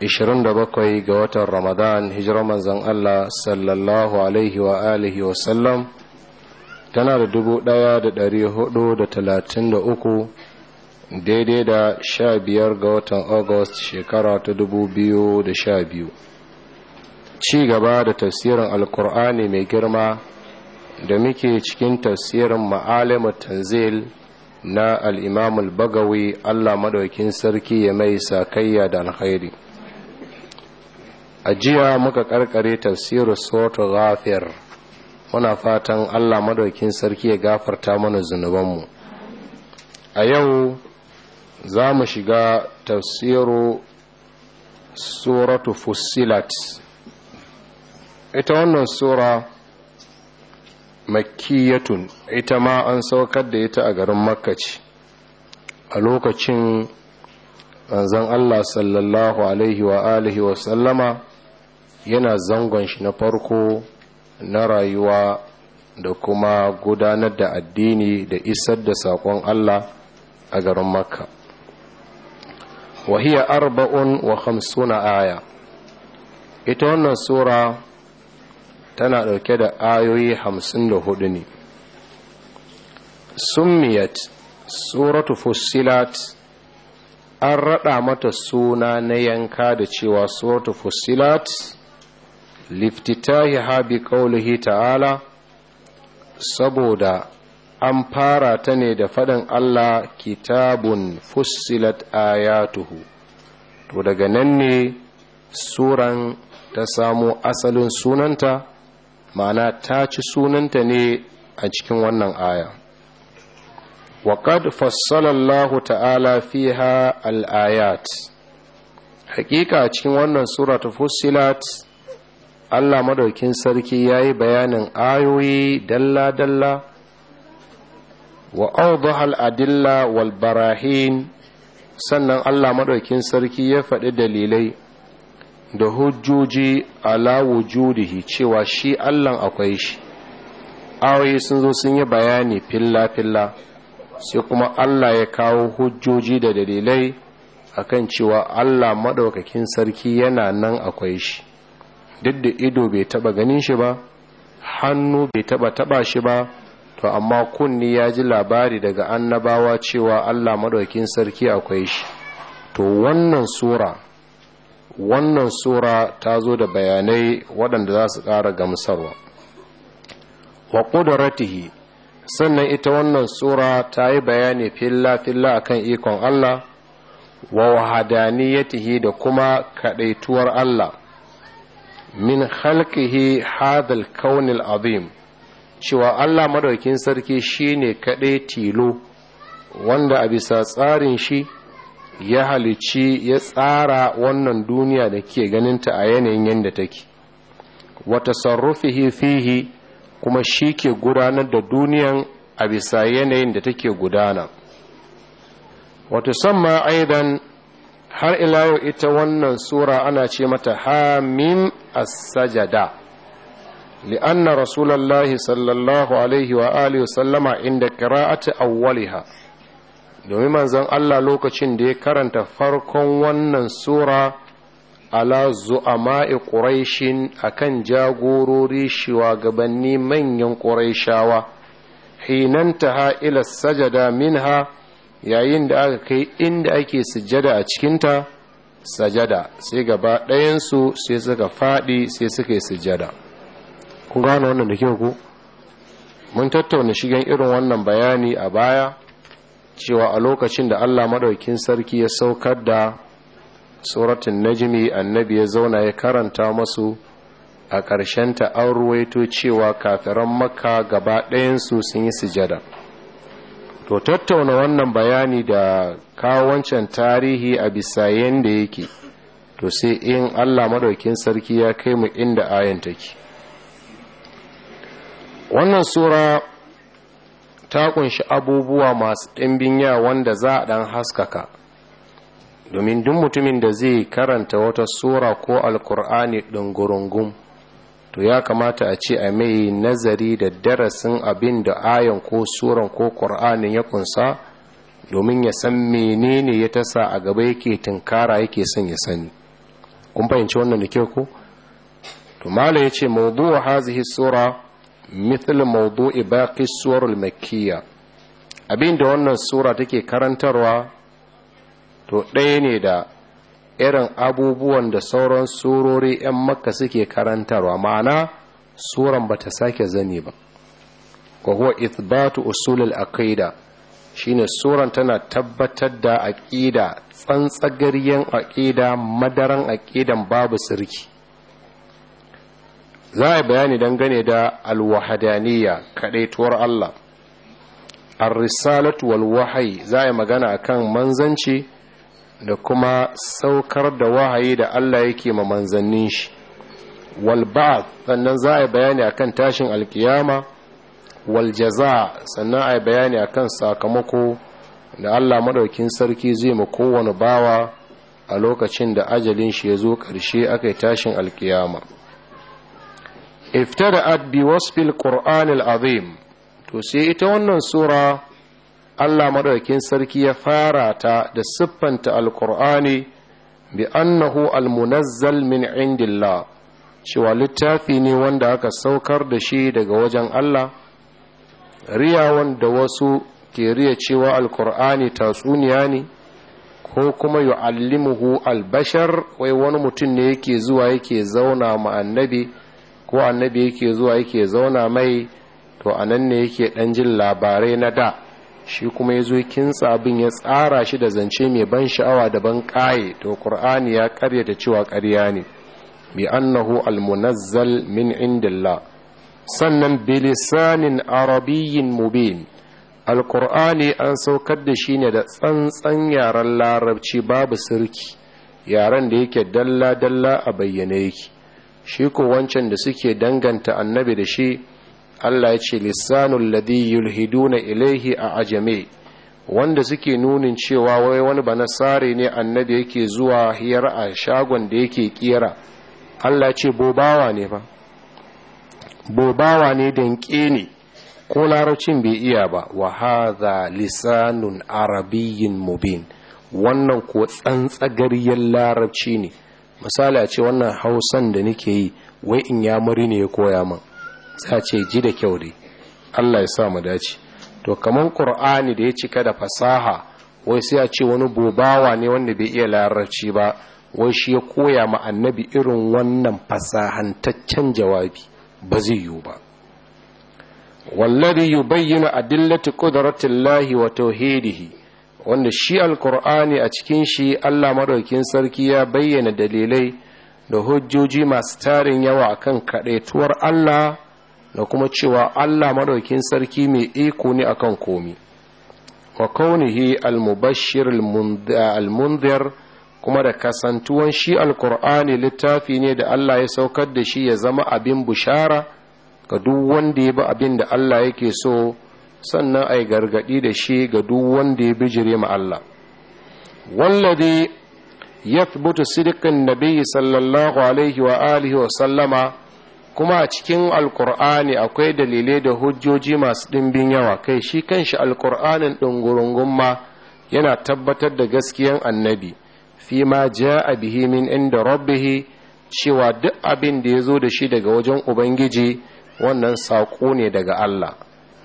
27 ga watan ramadan hijirar manzan Allah sallallahu alaihi wa alihi wa sallam tana da 1433 daidai da 15 ga watan august shekara ta 2012 ci gaba da tafsirin alkur'ani mai girma da muke cikin tafsirin ma'alimu tanzil na al'imamul bagawi Allah maɗaukin sarki ya mai sakayya da alkhairi a jiya muka karkare tafsirin suratul ghafir muna fatan Allah madaukin sarki ya gafarta mana zunubanmu a yau za mu shiga tafsiru suratu fusilat ita wannan sura makkiyatun ita ma an saukar da ita a garin Makka ce a lokacin manzon Allah sallallahu alaihi wa alihi wa sallama yana zangon shi na farko na rayuwa da kuma gudanar da addini da isar da saƙon Allah a garin makka wahiya arba'un wa hamsuna aya ita wannan sura tana ɗauke da ayoyi hamsin da hudu ne summiyat suratu fussilat an raɗa mata suna na yanka da cewa suratu fussilat ha bi kaulihi ta'ala saboda an fara ta ne da faɗin Allah kitabun fussilat ayatuhu to daga nan ne suran ta samo asalin sunanta ma'ana ta ci sunanta ne a cikin wannan aya waƙad fassalallahu ta'ala fiha al'ayat hakika cikin wannan sura ta fussilat Allah madaukin sarki ya yi bayanin ayoyi dalla-dalla wa audahal adilla wal barahin sannan Allah madaukin sarki ya faɗi dalilai da hujjoji ala wujudihi cewa shi Allah akwai shi ayoyi sun zo sun yi bayani filla-filla sai kuma Allah ya kawo hujjoji da dalilai akan cewa Allah madaukakin sarki yana nan akwai shi duk da ido bai taba ganin shi ba hannu bai taba taba shi ba to amma kunni ya ji labari daga annabawa cewa Allah madaukin sarki akwai shi to wannan sura wannan sura ta zo da bayanai waɗanda za su ƙara gamsarwa wa ƙudaratihi sannan ita wannan sura ta yi bayani filla-filla akan ikon Allah wa wahadaniyatihi da kuma kaɗaituwar Allah min halkihi hadal kaunil azim cewa Allah madaukin sarki shine kadai tilo wanda a bisa tsarin shi ya halici ya tsara wannan duniya da ke ganinta a yanayin yadda take wa tasarrufihi fihi kuma shi ke gudanar da duniyan a bisa yanayin da take gudana wata tusamma aidan har ila yau ita wannan sura ana ce mata min as-sajada li'anna rasulullahi sallallahu alaihi wa alihi sallama inda qira'ati awwaliha domin manzon Allah lokacin da ya karanta farkon wannan sura ala zu'ama'i quraishin akan jagorori shugabanni manyan quraishawa hinanta ha ila sajada minha yayin da aka kai inda ake sujjada a cikinta sajada sai gaba ɗayansu sai suka faɗi sai suka yi sujjada Ku gano wannan da kyau ku mun tattauna shigen irin wannan bayani a baya cewa a lokacin da allah maɗaukin sarki ya saukar da suratun Najimi annabi ya zauna ya karanta masu a ƙarshenta an ruwaito cewa kafiran makka gaba ɗayansu sun yi sujada to tattauna wannan bayani da kawo wancan tarihi a bisa yadda yake to sai in Allah madaukin sarki ya kai mu inda ayan take wannan sura ta kunshi abubuwa masu ɗimbin ya wanda za a ɗan haskaka domin duk mutumin da zai karanta wata sura ko alkur'ani ɗungurungun to ya kamata a ce a mai nazari da darasin abin da ayon ko suran ko ƙur'anin ya kunsa domin ya san menene ya sa a gaba yake tunkara yake son ya sani kun fahimci wannan da kyau ko to mala yace wa hazihi sura mithil maudu ibaki suwar al abin da wannan sura take karantarwa to ɗaya ne da irin abubuwan da sauran surori 'yan makka suke karantarwa ma'ana suran ba ta sake zane ba wa huwa ithbatu usulul aqida shine suran tana tabbatar da aqida tsantsagaryen aqida madaran aqidan babu sirki za a bayani dangane da alwahadaniya kadaituwar Allah ar-risalatu wal wahyi za a yi magana akan manzanci da kuma saukar da wahayi da Allah yake ma manzannin shi wal sannan za a yi bayani akan tashin alkiyama wal jaza sannan a yi bayani akan sakamako da Allah madaukin sarki zai ma kowane bawa a lokacin da ajalin shi ya zo ƙarshe aka tashin alkiyama iftara'at bi wasfil qur'anil azim to sai ita wannan sura Allah madaukakin sarki ya fara ta da siffanta alkur'ani bi annahu almunazzal min indillah cewa littafi ne wanda aka saukar da shi daga wajen Allah riya wanda wasu ke riya cewa alkur'ani tatsuniya ne ko kuma yu'allimuhu albashar wai wani mutum ne yake zuwa yake zauna ma annabi ko annabi yake zuwa yake zauna mai to anan ne yake dan jin labarai na da shi kuma ya zo kintsa abin ya tsara shi da zance mai ban sha'awa da ban ƙaye to ƙur'ani ya da cewa ƙarya ne bi annahu almunazzal min indillah sannan bilisanin arabiyyin mubin alƙur'ani an saukar da shi ne da tsantsan yaren larabci babu sirki yaren da yake dalla-dalla a bayyane yake shi ko wancan da suke danganta annabi da shi Allah ya ce lissanul ladhi yulhiduna ilaihi a ajame wanda suke nunin cewa wai wani ba nasare ne annabi yake zuwa hiyar a shagon da yake kira Allah ya ce bobawa ne ba bobawa ne danke ne ko larabcin bai iya ba wa hadha lisanun arabiyyin mubin wannan ko tsantsagariyar larabci ne misali a ce wannan hausan da nake yi wai in yamuri ne ya koya min sai ce ji da kyau dai Allah ya sa mu dace to kaman qur'ani da ya cika da fasaha wai sai ya ce wani bobawa ne wanda bai iya larabci ba wai shi ya koya ma annabi irin wannan fasahantaccen jawabi ba zai yiwu ba والذي يبين adillati قدرة wa وتوحيده wanda shi alqur'ani a cikin shi allah madaukin sarki ya bayyana dalilai da hujjoji masu tarin yawa akan kaɗaituwar allah da kuma cewa Allah madaukin sarki mai iko ne akan komi wa kaunihi al-mubashshir al-mundhir kuma da kasantuwan shi alkur'ani littafi ne da Allah ya saukar da shi ya zama abin bushara ga duk wanda ya bi abin da Allah yake so sannan ai gargadi da shi ga duk wanda ya bijire ma Allah wallazi yathbutu sidqan nabiy sallallahu alaihi wa alihi wa sallama kuma a cikin alkur'ani akwai dalilai da hujjoji masu ɗimbin yawa kai shi kanshi alkur'anin gurungun ma yana tabbatar da gaskiyan annabi fi ma ja a bihimin inda rabbihi cewa duk abin da ya zo da shi daga wajen ubangiji wannan saƙo ne daga allah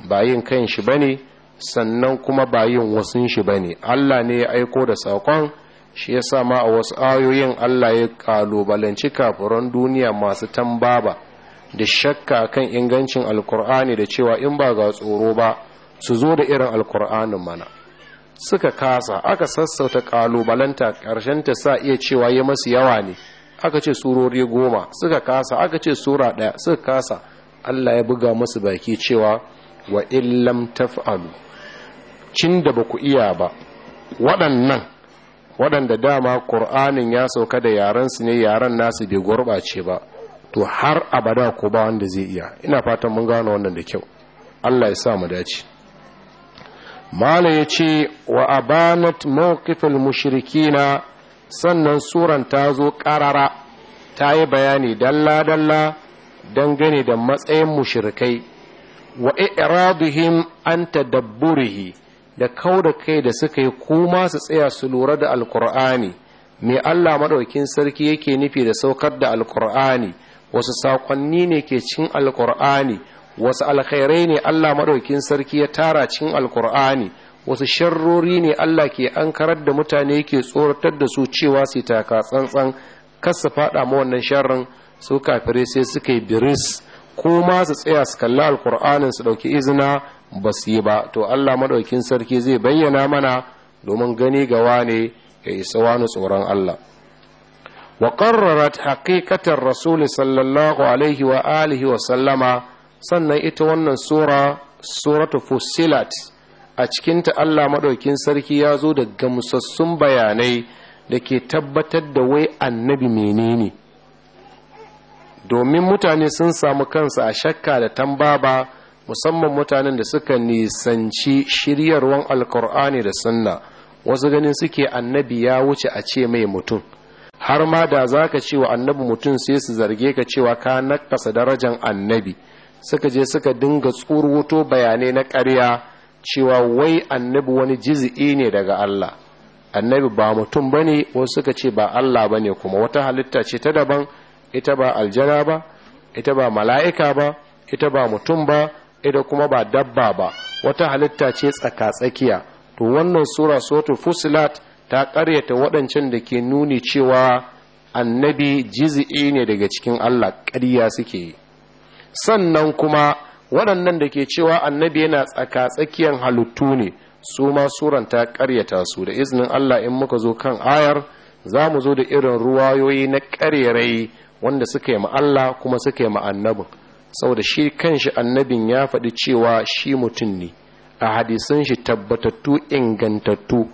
ba yin kanshi ba ne sannan kuma ba yin wasun shi ba ne allah ne ya aiko da saƙon shi ya sa ma a wasu ayoyin allah ya ƙalubalanci kafuran duniya masu tambaba da shakka kan ingancin alkur'ani da cewa in ba ga tsoro ba su zo da irin alkur'anin mana suka kasa aka sassauta kalubalanta ta sa iya cewa ya masu yawa ne aka ce surori goma suka kasa aka ce sura ɗaya suka kasa allah ya buga masu baki cewa wa illam taf'alu cin da ba ku iya ba waɗannan waɗanda dama ƙur'anin ya sauka da yarensu ne yaren nasu bai gurɓace ba to har abada ko ba wanda zai iya ina fatan mun gano wannan da kyau Allah ya sa mu dace mala ya ce wa abanat mawqifil mushrikina sannan suran ta zo karara ta yi bayani dalla dalla dangane da matsayin mushrikai wa i'radihim an tadabburihi da kauda kai da suka yi kuma su tsaya su lura da alkur'ani me Allah maɗaukin sarki yake nufi da saukar da alkur'ani wasu sakonni ne ke cikin alkur'ani wasu alkhairai ne Allah maɗaukin sarki ya tara cikin alkur'ani wasu sharrori ne Allah ke ankarar da mutane ke tsoratar da su cewa su taka tsantsan kar su faɗa ma wannan sharrin su kafire sai suka yi biris ko ma su tsaya su kalli alkur'anin su ɗauki izina ba su yi ba to Allah maɗaukin sarki zai bayyana mana domin gani gawa ne ya isa wani tsoron Allah وقررت حقيقة الرسول صلى الله عليه وآله وسلم sannan ita wannan sura suratu fusilat a cikinta Allah maɗaukin sarki ya zo da gamsassun bayanai da ke tabbatar da wai annabi menene domin mutane sun samu kansa a shakka da tambaba musamman mutanen da suka nisanci shiryarwan alkur'ani da sunna wasu ganin suke annabi ya wuce a ce mai mutum har ma da za ka ce wa annabi mutum sai su zarge ka cewa ka naƙasa darajan annabi suka je suka dinga tsurwoto bayanai na ƙarya cewa wai annabi wani jizi'i ne daga Allah annabi ba mutum ba ne wasu suka ce ba Allah ba ne kuma wata halitta ce ta daban ita ba aljana ba ita ba mala'ika ba ita ba mutum ba ita kuma ba dabba ba wata halitta ce tsaka-tsakiya to wannan sura sotu fusilat ta ƙaryata waɗancan da ke nuni cewa annabi jizi'i ne daga cikin Allah ƙarya suke yi sannan kuma waɗannan da ke cewa annabi yana tsaka-tsakiyar halittu ne su ma suran ta ƙaryata su da izinin Allah in muka zo kan ayar za mu zo da irin ruwayoyi na ƙaryarai wanda suka yi Allah kuma suka yi annabin saboda shi kanshi annabin ya faɗi cewa shi mutum ne a hadisan shi tabbatattu ingantattu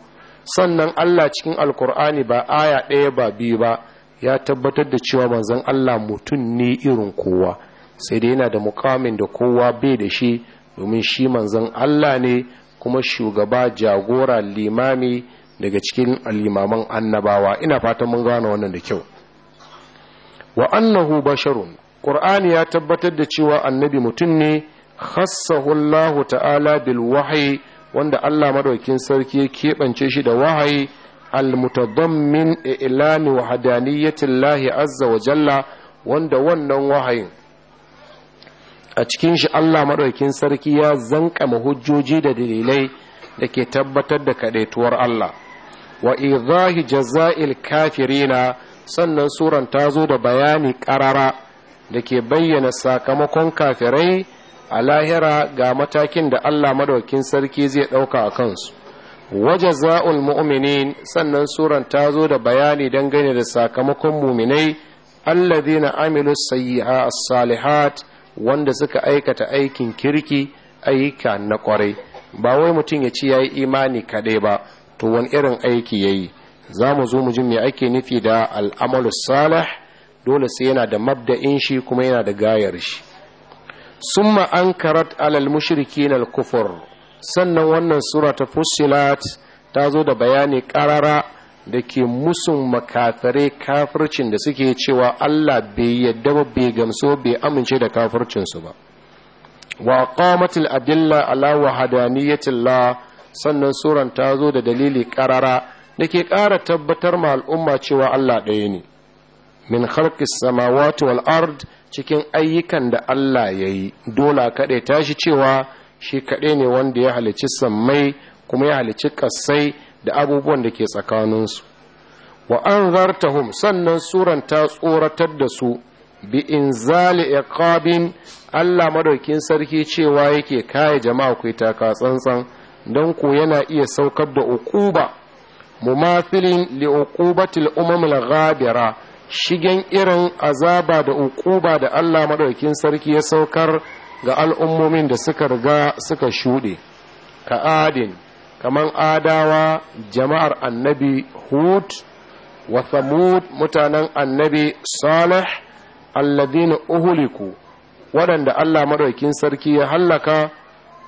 sannan Allah cikin alkur'ani ba aya ɗaya ba biyu ba ya tabbatar da cewa manzon Allah mutum ne irin kowa sai dai yana da mukamin da kowa bai da shi domin shi manzon Allah ne kuma shugaba jagora limami daga cikin limaman annabawa ina fatan mun gane wannan da kyau wa annahu basharun qur'ani ya tabbatar da cewa annabi mutum ne khassahu Allah ta'ala bil wahyi wanda Allah madaukin sarki ya keɓance shi da wahayi almutadammin ilani wa hadaniyatillahi azza wa jalla wanda wannan wahayin a cikin shi Allah madaukin sarki ya zankama hujjoji da dalilai da ke tabbatar da kadaituwar Allah wa idahi jaza'il kafirina sannan suran ta zo da bayani ƙarara da ke bayyana sakamakon kafirai a lahira ga matakin da Allah madaukin sarki zai ɗauka a kansu waje za'ul mu'minin sannan suran ta zo da bayani dangane da sakamakon muminai na amilu sayyi'a as-salihat wanda suka aikata aikin kirki ayyuka na kwarai ba wai mutum ya ci yayi imani kaɗai ba to wani irin aiki yayi za mu zo mu ji me ake nufi da al'amalu salih dole sai yana da mabda'in shi kuma yana da gayar shi summa karat alal mushriki na kufur sannan wannan sura ta fusilat ta zo da bayani karara da ke musu makafare kafircin da suke cewa Allah bai yadda ba bai gamso bai amince da kafircinsu ba wa qamatil adilla ala wahdaniyatillah sannan suran ta zo da dalili karara da ke ƙara tabbatar ma al'umma cewa Allah ɗaya ne min kharqis samawati wal ard cikin ayyukan da Allah ya yi dole kaɗai tashi cewa shi kaɗai ne wanda ya halici sammai kuma ya halici ƙasai da abubuwan da ke tsakaninsu wa an zartahum sannan suran ta tsoratar da su bi in zali iqabin Allah madaukin sarki cewa yake kaya jama'a ku taka tsantsan don ko yana iya saukar da ukuba mumathilin li ukubatil umamil ghabira shigen irin azaba da ukuba da Allah madaukin sarki ya saukar ga al'ummomin da suka riga suka shuɗe ka adin kamar adawa jama'ar annabi hud wa thamud mutanen annabi salih alladhina uhuliku waɗanda Allah madaukin sarki ya hallaka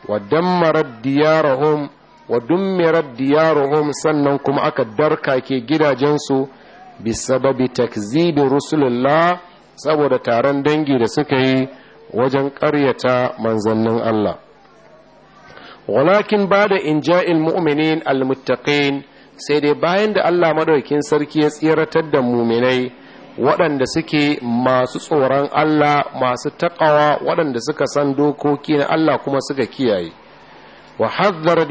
wa dammarar diyarahum wa dummirar diyarahum sannan kuma aka darkake gidajensu bisababi takzibi rusulullah saboda taron dangi da suka yi wajen ƙaryata manzannin Allah walakin ba da inja'il mu'minin almuttaqin sai dai bayan da Allah madaukin sarki ya tsiratar da muminai waɗanda suke masu tsoron Allah masu taƙawa waɗanda suka san dokoki na Allah kuma suka kiyaye wa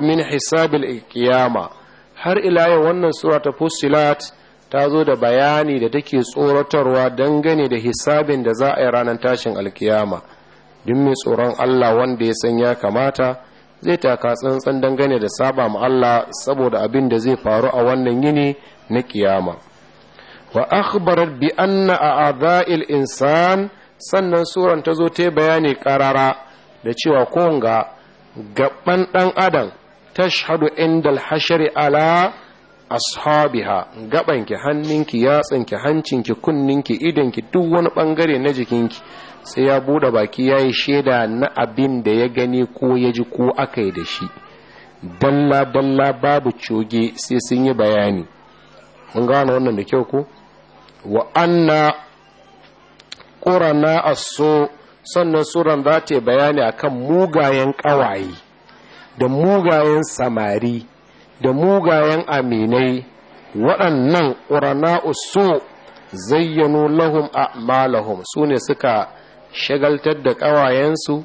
min hisabil qiyama har ila yau wannan sura ta fusilat ta zo da bayani da take tsoratarwa dangane da hisabin da za a yi ranar tashin alkiyama duk mai tsoron Allah wanda ya san ya kamata zai taka tsantsan dangane da saba ma Allah saboda abin da zai faru a wannan yini na kiyama wa akhbarat bi a a'dha'il insan sannan suran ta zo ta bayani karara da cewa konga gaɓan gaban dan adam tashhadu indal hashri ala ashabiha gabanki hannunki yatsanki hancinki kunninki idanki duk wani bangare na jikinki sai ya bude baki yayi sheda na abin da ya gani ko ya ji ko aka yi da shi dalla dalla babu coge sai sun yi bayani mun gane wannan da kyau ko wa anna qurana aso sannan suran za ta bayani akan mugayen kawaye da mugayen samari da mugayen aminai waɗannan ƙurana usu zayyano lahum a malahum su ne suka shagaltar da ƙawayensu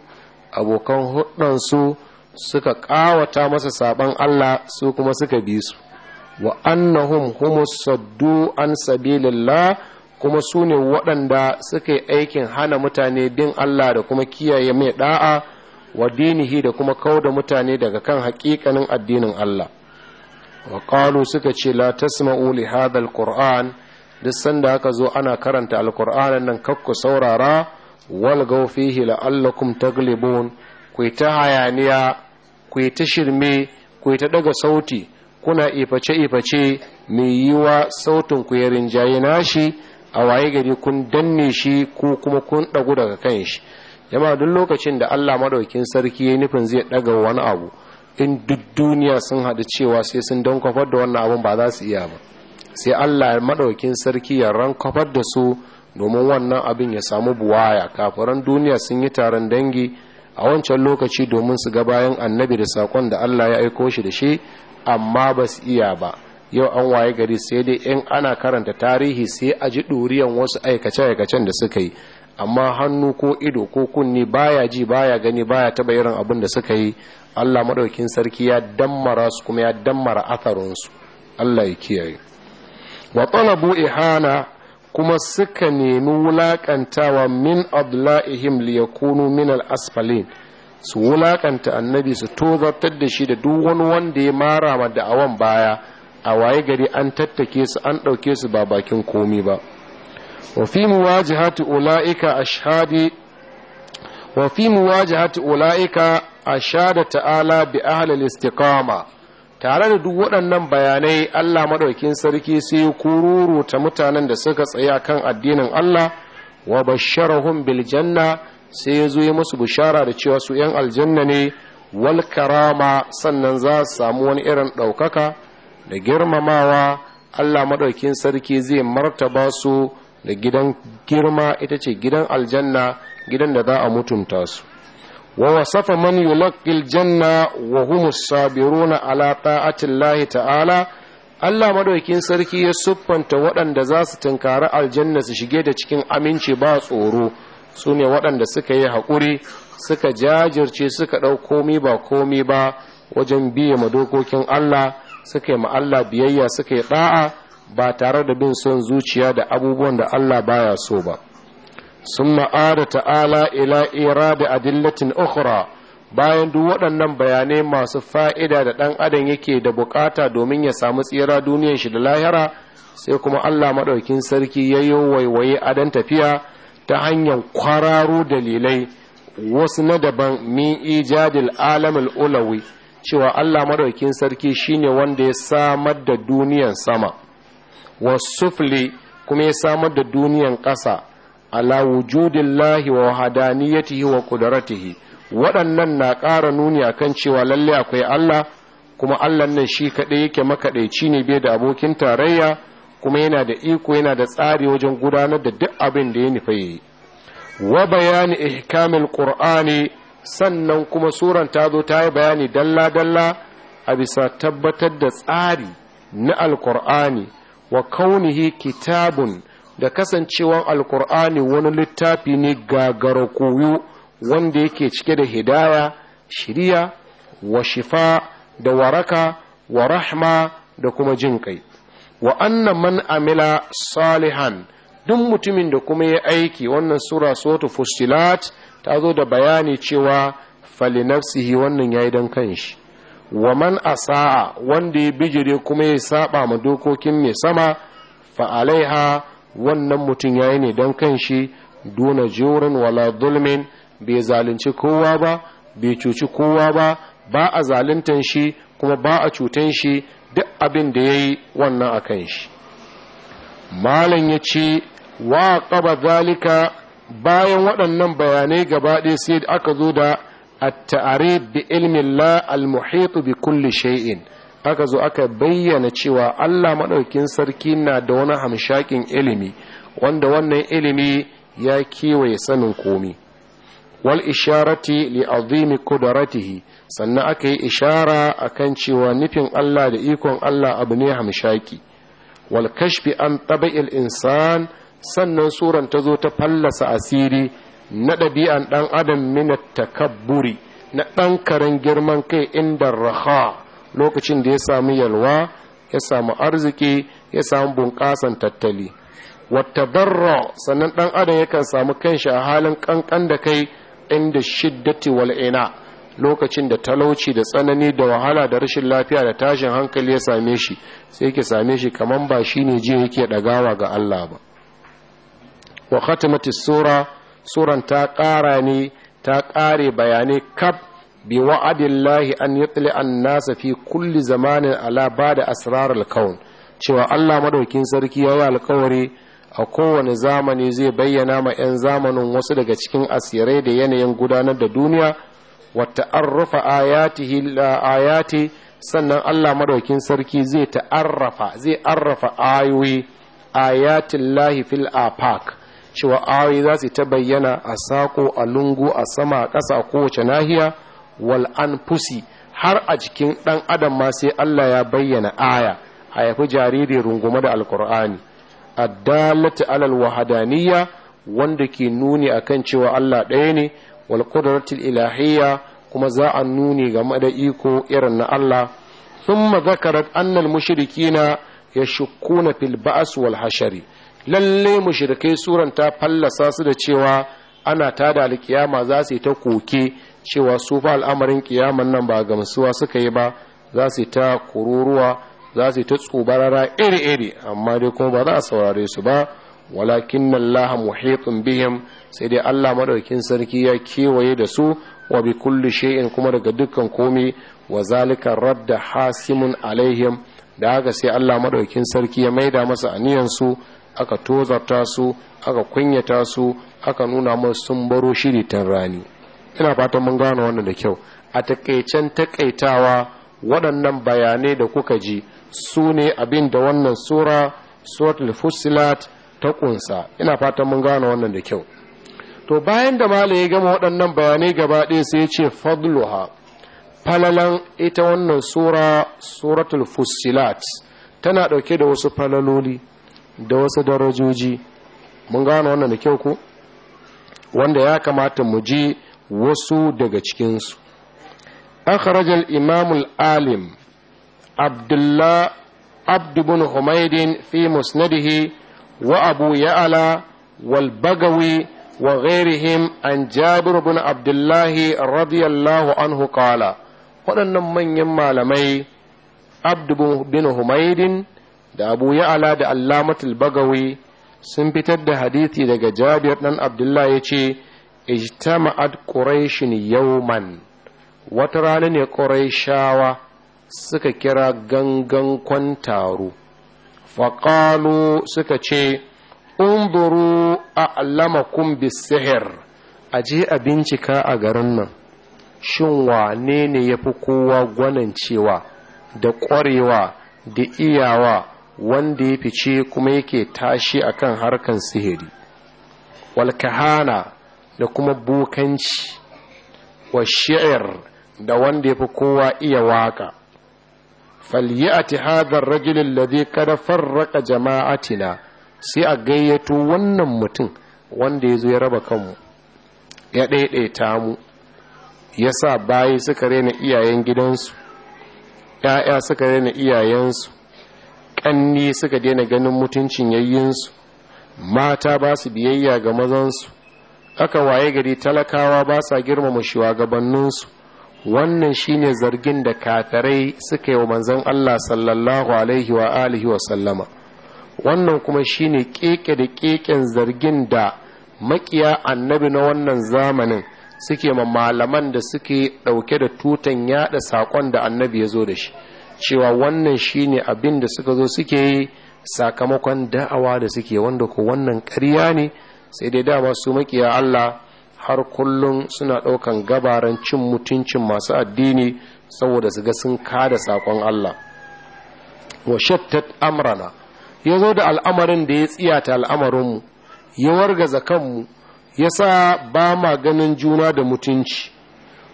abokan hudansu suka ƙawata masa sabon Allah su kuma suka bi su wa annahum humus saddu an sabilillah kuma su ne waɗanda suka yi aikin hana mutane bin Allah da kuma kiyaye mai da'a wa dinihi da kuma kauda mutane daga kan hakikanin addinin Allah wa suka ce la tasma'u li hadha duk sanda aka zo ana karanta alqur'anin nan kakku saurara wal fihi la'allakum taglibun ku ta hayaniya ku ta shirme ku ta daga sauti kuna iface iface mai yiwa sautin ku ya rinjaye nashi a waye gari kun danne shi ko kuma kun dagu daga kan shi jama'a duk lokacin da Allah madaukin sarki ya nufin zai daga wani abu in duk duniya sun haɗu cewa sai sun don kwafar da wannan abin ba za su iya ba sai allah ya maɗaukin sarki ya ran kwafar da su domin wannan abin ya samu buwaya kafiran duniya sun yi taron dangi a wancan lokaci domin su ga bayan annabi da saƙon da allah ya aiko shi da shi amma ba su iya ba yau an waye gari sai dai in ana karanta tarihi sai a ji ɗuriyan wasu aikace-aikacen da suka yi amma hannu ko ido ko kunni baya ji baya gani baya taba irin abin da suka yi Allah madaukin sarki ya dammara su kuma ya dammara atharinsu Allah ya kiyaye wa talabu ihana kuma suka nemi wulakantawa min adla'ihim liyakunu min al-asfalin su wulakanta annabi su tozartar da shi da duk wani wanda ya mara ma da'awan baya a waye gari an tattake su an ɗauke su ba bakin komi ba wa fi muwajihati ulaika ashhadi wa fi muwajihati ulaika ashada ta'ala bi ahlil istiqama tare da duk waɗannan bayanai Allah madaukin sarki sai ya kururuta mutanen da suka tsaya kan addinin Allah wa basharahum bil janna sai ya zo ya musu bishara da cewa su yan aljanna ne wal karama sannan za su samu wani irin ɗaukaka da girmamawa Allah madaukin sarki zai martaba su da gidan girma ita ce gidan aljanna gidan da za a mutunta su wa wasafa man الجنة janna wa على طاعة الله تعالى ta'ala Allah madaukin sarki ya siffanta waɗanda za su tunkari aljanna su shige da cikin aminci ba tsoro su ne waɗanda suka yi haƙuri suka jajirce suka ɗau komi ba komi ba wajen biya ma dokokin Allah suka yi ma Allah biyayya suka yi ɗa'a ba tare da bin son zuciya da abubuwan da Allah baya so ba. ثم آل تعالى إلى إيراد أدلة أخرى bayan duk waɗannan bayanai masu fa'ida da ɗan adam yake da bukata domin ya samu tsira duniyar shi da lahira sai kuma Allah maɗaukin sarki ya yi waiwaye adon tafiya ta hanyar kwararo dalilai wasu na daban min ijadil alamul ulawi cewa Allah maɗaukin sarki shine wanda ya samar da duniyan sama wasufli kuma ya samar da duniyan ƙasa ala وجود wa ووحدانيته وقدرته waɗannan na ƙara nuni a kan cewa lalle akwai Allah kuma Allah nan shi kaɗai yake makaɗaici ne bai da abokin tarayya kuma yana da iko yana da tsari wajen gudanar da duk abin da ya nufa yi wa bayani ihkamil qur'ani sannan kuma suran ta zo ta yi bayani dalla dalla a bisa tabbatar da tsari na alqur'ani wa kaunihi kitabun da kasancewan alkur'ani wani littafi ne gagara koyo wanda yake cike da hidaya shiriya wa shifa da waraka wa rahma da kuma jin kai wa anna man amila salihan duk mutumin da kuma ya aiki wannan sura sotu fustilat ta zo da bayani cewa falinafsihi wannan ya yi don kanshi wa man asa'a wanda ya bijire kuma ya saba ma dokokin mai sama fa'alaiha wannan mutum ya yi ne don kan shi duna jorin wala zulmin bai zalunci kowa ba bai cuci kowa ba ba a zaluntan shi kuma ba a cutan shi duk abin da ya yi wannan a kan shi malam ya ce wa ƙaba zalika bayan waɗannan bayanai gaba ɗaya sai aka zo da at-ta'arif bi ilmin la al-muhit bi kulli shay'in aka zo aka bayyana cewa Allah maɗaukin sarki na da wani hamshakin ilimi wanda wannan ilimi ya kewaye sanin komi wal isharati li azimi kudaratihi sannan aka yi ishara akan cewa nufin Allah da ikon Allah abu ne hamshaki wal kashfi an tabi'il insan sannan suran ta zo ta fallasa asiri na ɗabi'an ɗan adam min takabburi na ɗan karen girman kai inda raha lokacin da ya samu yalwa ya samu arziki ya samu bunƙasan tattali wata barra sannan ɗan adam yakan samu kanshi a halin ƙanƙan da kai inda shiddati wal'ina lokacin da talauci da tsanani da wahala da rashin lafiya da tashin hankali ya same shi sai yake same shi kamar ba shi ne jiya yake ɗagawa ga Allah ba wa khatimatis sura suran ta ƙara ne ta ƙare bayanai kaf bi wa'adillahi an yutli an nasa fi kulli zamanin alaba da asrar al cewa Allah madaukin sarki yayi alkawari a kowane zamani zai bayyana ma 'yan zamanin wasu daga cikin asirai da yanayin gudanar da duniya wata arrufa ayati sannan Allah madaukin sarki zai ta'arrafa zai arrafa ayoyi ayatin lahi fil Apak. cewa ayoyi za su ta bayyana a sako a lungu a sama a ƙasa kowace nahiya wal anfusi har a jikin ɗan adam ma sai Allah ya bayyana aya a yafi jariri rungume da alkur'ani addalatu alal wahadaniyya wanda ke nuni akan cewa Allah ɗaya ne wal qudratil ilahiyya kuma za a nuni game da iko irin na Allah thumma zakarat anna al mushrikina yashukuna fil ba's wal hashari lalle mushrikai suran ta fallasa su da cewa ana tada alkiyama za su yi ta koke cewa su fa al'amarin kiyaman nan ba gamsuwa suka yi ba za su ta kururuwa za su ta tsubarara iri-iri amma dai kuma ba za a saurare su ba walakin laha muhitun bihim sai dai Allah madaukin sarki ya kewaye da su wa bi kulli shay'in kuma daga dukkan komai wa zalika radda hasimun alaihim da haka sai Allah madaukin sarki ya maida masa aniyan su aka tozarta su aka kunyata su aka nuna masu sun baro shiri tan rani ina fatan mun gano wannan da kyau a takaicen takaitawa waɗannan bayanai da kuka ji su ne abin da wannan sura suratul fusilat ta kunsa ina fatan mun gano wannan da kyau to bayan da malai ya gama waɗannan bayanai gaba ɗaya sai ya ce fadluha falalan ita wannan sura suratul fusilat tana ɗauke da wasu falaloli da wasu darajoji mun gano wannan da kyau ku wanda ya kamata mu ji wasu daga cikinsu akhraj al-imam al-alim abdullah abd ibn humayd fi musnadihi wa abu ya'la wal bagawi wa ghairihim an jabir ibn abdullah radiyallahu anhu qala waɗannan manyan malamai abd ibn humayd da abu ya'la da allamatul bagawi sun fitar da hadisi daga jabir dan abdullah yace ijtama'at quraishin yawman wata rana ne quraishawa suka kira gangan kwantaro faƙalu suka ce unduru a'lamakum bisihir aje a bincika a garin nan shin wane ne ya fi kowa gwanancewa da ƙwarewa da iyawa wanda ya fice kuma yake tashi akan harkan sihiri walkahana da kuma bokanci wa shi'ir da wanda ya fi kowa iya waka falyi a ar-rajul alladhi kada farraka jama'atina sai a gayyato wannan mutum wanda ya zo ya raba kanmu ya ɗaiɗaita mu ya sa bayi suka rena iyayen gidansu ‘ya'ya suka rena iyayensu ƙanni suka daina ganin mutuncin yayyinsu mata ba su biyayya ga mazansu aka waye gari talakawa ba sa girmama shugabanninsu wannan shine zargin da katarai suka yi wa manzon Allah sallallahu alaihi wa alihi wa sallama wannan kuma shine keke da keken zargin da makiya annabi na wannan zamanin suke ma malaman da suke dauke da tutan yada sakon da annabi ya zo da shi cewa wannan shine abin da suka zo suke yi sakamakon da'awa da suke wanda ko wannan ƙarya ne sai dai dama su makiya Allah har kullum suna ɗaukan gabaran cin mutuncin masu addini saboda su ga sun kada saƙon Allah wa shattat amrana ya zo da al'amarin da ya tsiyata al'amarinmu ya wargaza kanmu ya sa ba ma ganin juna da mutunci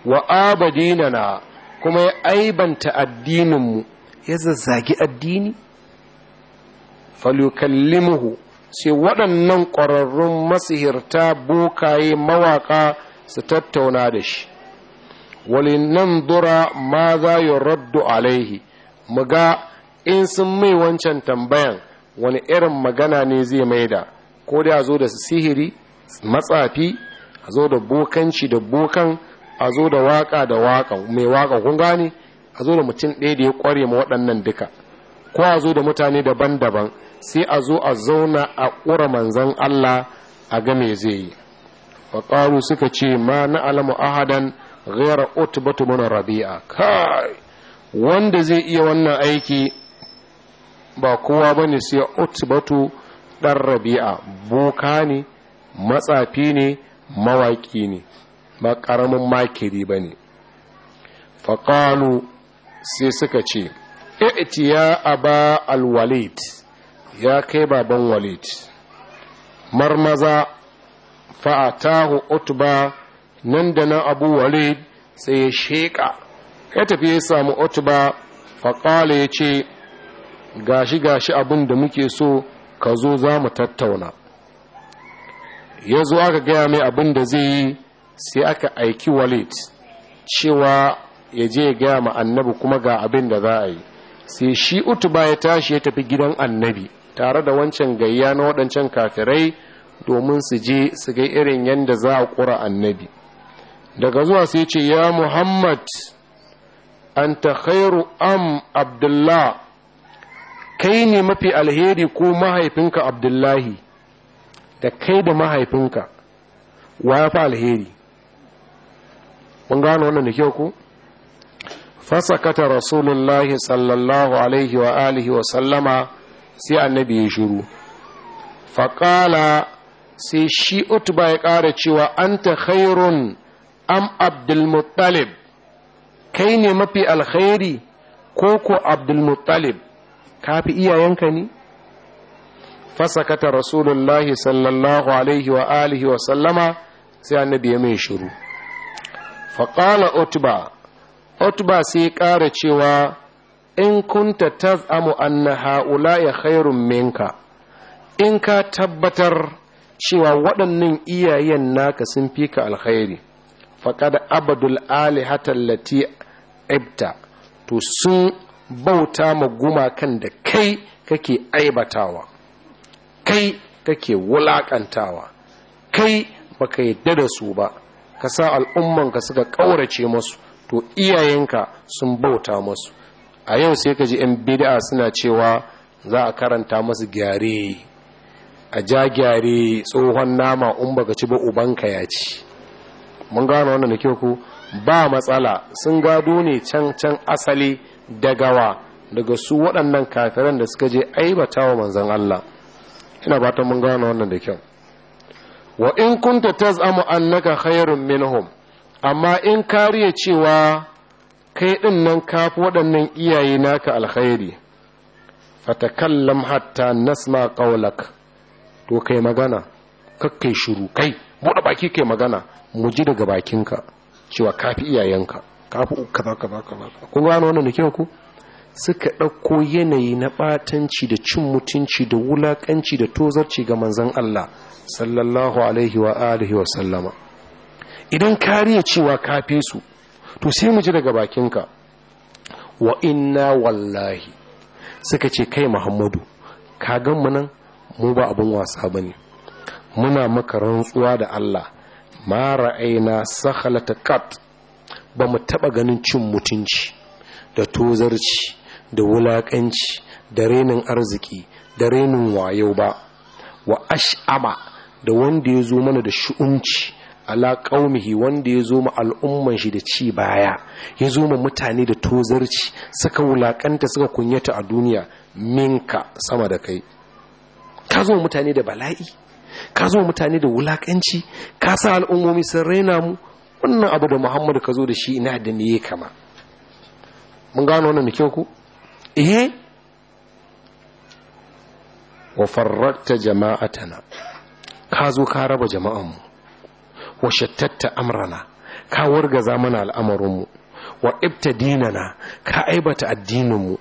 wa abadinana kuma ya aibanta addininmu ya zazzagi addini falukallimuhu sai waɗannan ƙwararrun masihirta bokaye mawaƙa su tattauna da shi nan dura ma za yi raddu alaihi mu ga in sun mai wancan tambayan wani irin magana ne zai maida ko da zo da sihiri matsafi a zo da bokanci da bokan a zo da waka da waka mai waka kun gane a zo da mutum ɗaya da ya ƙware ma waɗannan duka ko a zo da mutane daban-daban sai a zo a zauna a ƙura manzan Allah a game zai yi faƙaru suka ce ma na alamu ahadan ghera utubatu mana rabi'a kai wanda zai iya wannan aiki ba kowa ba ne sai utubatu ɗan rabi'a boka ne matsafi ne mawaƙi ne ba ƙaramin makiri ba ne faƙalu sai suka ce ya ba alwalid ya kai baban walid marmaza fa'atahu utba nan da nan abu walid sai ya sheƙa ya tafi ya samu utba faƙala ya ce gashi gashi abin da muke so ka zo za mu tattauna ya zo aka gaya mai abin da zai yi sai aka aiki walid cewa ya je gaya ma annabi kuma ga abin da za a yi sai shi utuba ya tashi ya tafi gidan annabi tare da wancan gayya na waɗancan kafirai domin su je su ga irin yadda za a ƙura annabi daga zuwa sai ce ya muhammad an ta khairu am abdullah kai ne mafi alheri ko mahaifinka abdullahi da kai da mahaifinka wa ya fi alheri mun gano wannan da kyau ko fasakata rasulullahi sallallahu alaihi wa alihi wa sallama sai annabi ya shiru faƙala sai shi utba ya ƙara cewa an ta khairun am abdulmuttalib kai ne mafi alkhairi ko ko abdulmuttalib ka fi iyayenka ne fasakata rasulullahi sallallahu alaihi wa alihi wa sallama sai annabi ya mai shiru faƙala utba utba sai ya ƙara cewa in kunta taz'amu anna ya khairun minka in ka tabbatar cewa waɗannan iyayen naka sun fi ka alkhairi faqad abadul alihata allati ibta to sun bauta ma gumakan da kai kake aibatawa kai kake wulakantawa kai baka yadda da su ba ka sa al'ummanka suka ƙaurace masu to iyayenka sun bauta masu a yau sai ka ji 'yan bid'a suna cewa za a karanta masu gyare a ja gyare tsohon nama in baka ci ba ubanka ya ci mun gano wannan da kyau ku ba matsala sun gado ne can can asali dagawa daga su waɗannan kafiran da suka je aibata wa manzan Allah ina fatan mun gano wannan da kyau wa in kunta taz'amu annaka khairun minhum amma in kariya cewa kai ɗin nan kafi waɗannan iyaye naka alkhairi fatakallam hatta nasma qawlak to kai magana kakkai shiru kai buɗe baki kai magana mu ji daga bakinka cewa kafi iyayenka kafi kaza kaza kaza kun gano wannan da ku suka ɗauko yanayi na ɓatanci da cin mutunci da wulaƙanci da tozarci ga manzan Allah sallallahu alaihi wa alihi wa sallama idan kariya cewa kafe su to sai mu ji daga bakinka wa inna wallahi suka ce kai muhammadu ka gan mu nan mu ba abin wasa bane muna maka rantsuwa da allah ma ra'aina sakhalata kat ba mu taɓa ganin cin mutunci da tozarci da wulakanci, da renin arziki da renin wayo ba wa ash'aba da wanda ya zo mana da shu'unci ala ƙaunihi, wanda ya zo ma al'umman shi da ci baya ya zo ma mutane da tozarci suka wulakanta suka kunyata a duniya minka sama da kai ka zo mutane da bala'i ka zo mutane da wulaƙanci, ka sa al'ummomi sun raina mu wannan abu da muhammadu ka zo da shi ina da ya kama mun gano wannan da kyau ku eh wa farrakta jama'atana ka zo ka raba jama'anmu wa shattatta amrana ka wargaza mana al'amarinmu wa ibta dinana ka aibata addininmu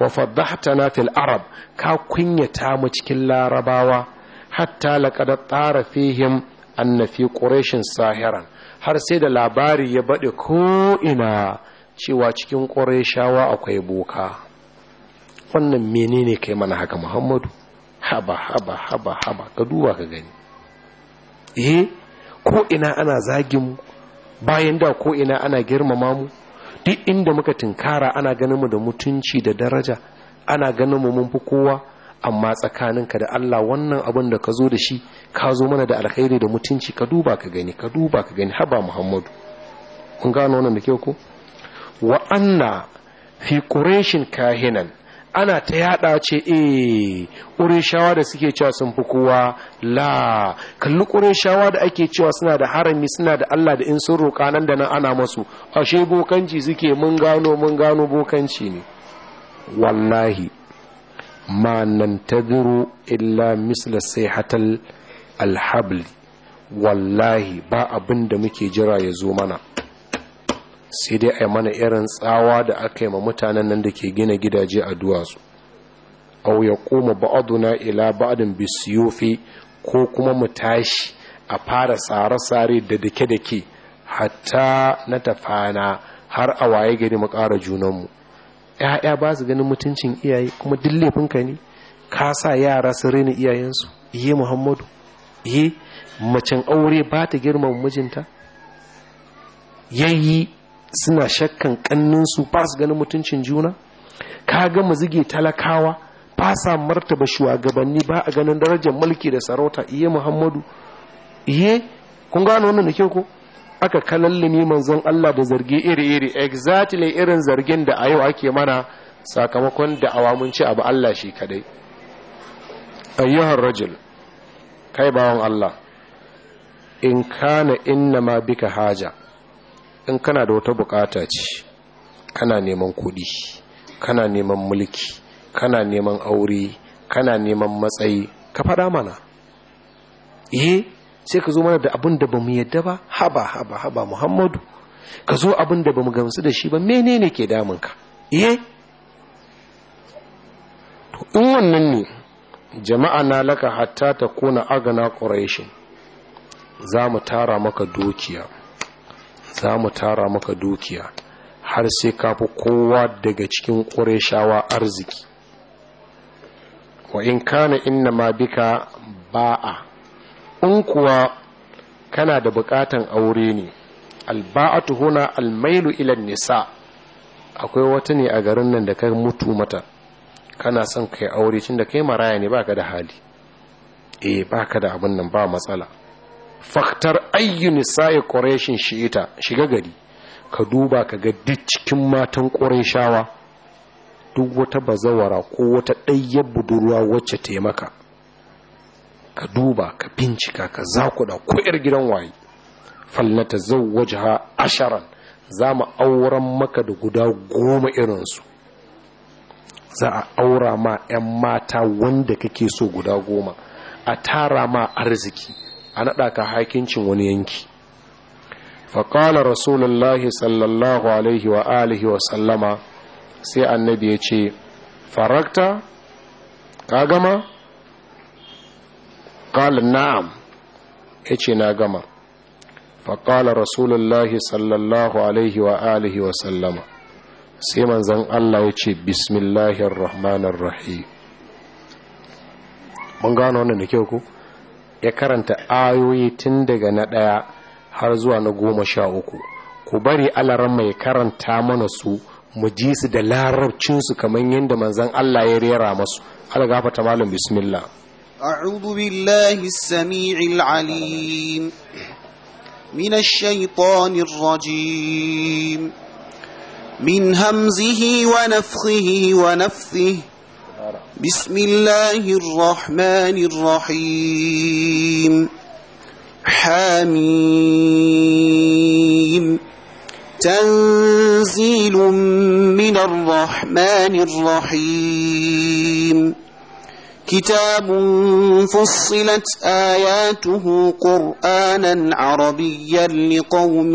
wa faddahtana fil arab ka kunyata mu cikin larabawa hatta laqad tara fihim anna fi quraishin sahiran har sai da labari ya bade ko ina cewa cikin quraishawa akwai boka wannan menene kai mana haka muhammadu haba haba haba haba ka duba ka gani eh ko ina ana zagin mu bayan da ko ina ana girmama mu duk inda muka tunkara ana ganin mu da mutunci da daraja ana ganin mu mun fi kowa amma tsakaninka da Allah wannan abin da ka zo da shi ka zo mana da alkhairi da mutunci ka duba ka gani ka duba ka gani haba Muhammadu kun gano wannan da kyau ko wa anna fi quraishin kahinan ana ta yada ce e, eh shawa da suke cewa sun fi kowa la kalli shawa da ake cewa suna da harami suna da Allah da in sun roƙa nan da nan ana masu ashe bokanci suke mun gano mun gano bokanci ne wallahi ma nan illa misla sai hatal alhabli wallahi ba abin da muke jira ya zo mana sai dai a yi mana irin tsawa da aka yi ma mutanen nan da ke gina gidaje a duwatsu au ya koma ba'aduna ila ba'adun bisiyofi ko kuma mu tashi a fara tsare-tsare da dake-dake hatta na tafana har a waye gani mu ƙara junanmu ‘ya'ya ba su ganin mutuncin iyaye kuma duk laifinka ne ka sa yara su rini iyayensu iye muhammadu iye macen aure ba ta girmama mijinta yayi suna shakkan ƙanninsu ba su ganin mutuncin juna ka ga mazige talakawa ba sa martaba shugabanni ba a ganin darajar mulki da sarauta iye muhammadu iye kun gano wannan da kyau ko aka neman manzon Allah da zargi iri-iri exactly irin zargin da a yau ake mana sakamakon da awamunci ci abu Allah shi kadai ayyuhar rajul kai bawan Allah in kana inna ma bika haja in kana da wata bukata ce kana neman kuɗi kana neman mulki kana neman aure kana neman matsayi ka faɗa mana eh sai ka zo mana da abin da bamu yadda ba haba haba haba muhammadu ka zo abin da bamu gamsu da shi ba menene ke damun ka eh to in wannan ne jama'a na laka hatta ta kona agana quraishin za mu tara maka dukiya za mu tara maka dukiya har sai ka fi kowa daga cikin ƙureshawa arziki wa in kana inna ma bika ba'a in kuwa kana da buƙatan aure ne alba'atu tuhuna almailu ilan nisa akwai wata ne a garin nan da ka mutu mata kana son kai aure tun da kai maraya ne baka da hali eh baka da abin nan ba matsala faktar ayyuni sa'i ƙorashin shi'ita shiga gari ka duba ka ga duk cikin matan ƙorashawa duk wata bazawara ko wata ɗayyar budurwa wacce taimaka ka duba ka bincika ka zakuda ko 'yar gidan waye fallata zawwajha asharan za mu auren maka da guda goma irinsu za a aura ma 'yan mata wanda kake so guda goma a tara ma arziki a naɗa ka hakincin wani yanki faƙala rasulullahi sallallahu alaihi wa alihi wa sallama sai annabi ya ce farakta ka gama ƙala na'am ya ce na gama faƙala rasulullahi sallallahu alaihi wa alihi wa sallama sai manzan Allah ya ce bismillahirrahmanirrahim mun gano wannan da kyau ku ya karanta ayoyi tun daga na ɗaya har zuwa na goma sha uku ku bari alaran mai karanta mana su mu ji su da larabcinsu kamar yadda manzan Allah ya rera masu algafata malam bismillah أعوذ بالله السميع العليم من الشيطان الرجيم من همزه ونفخه ونفثه بسم الله الرحمن الرحيم حاميم تنزيل من الرحمن الرحيم كتاب فصلت آياته قرآنا عربيا لقوم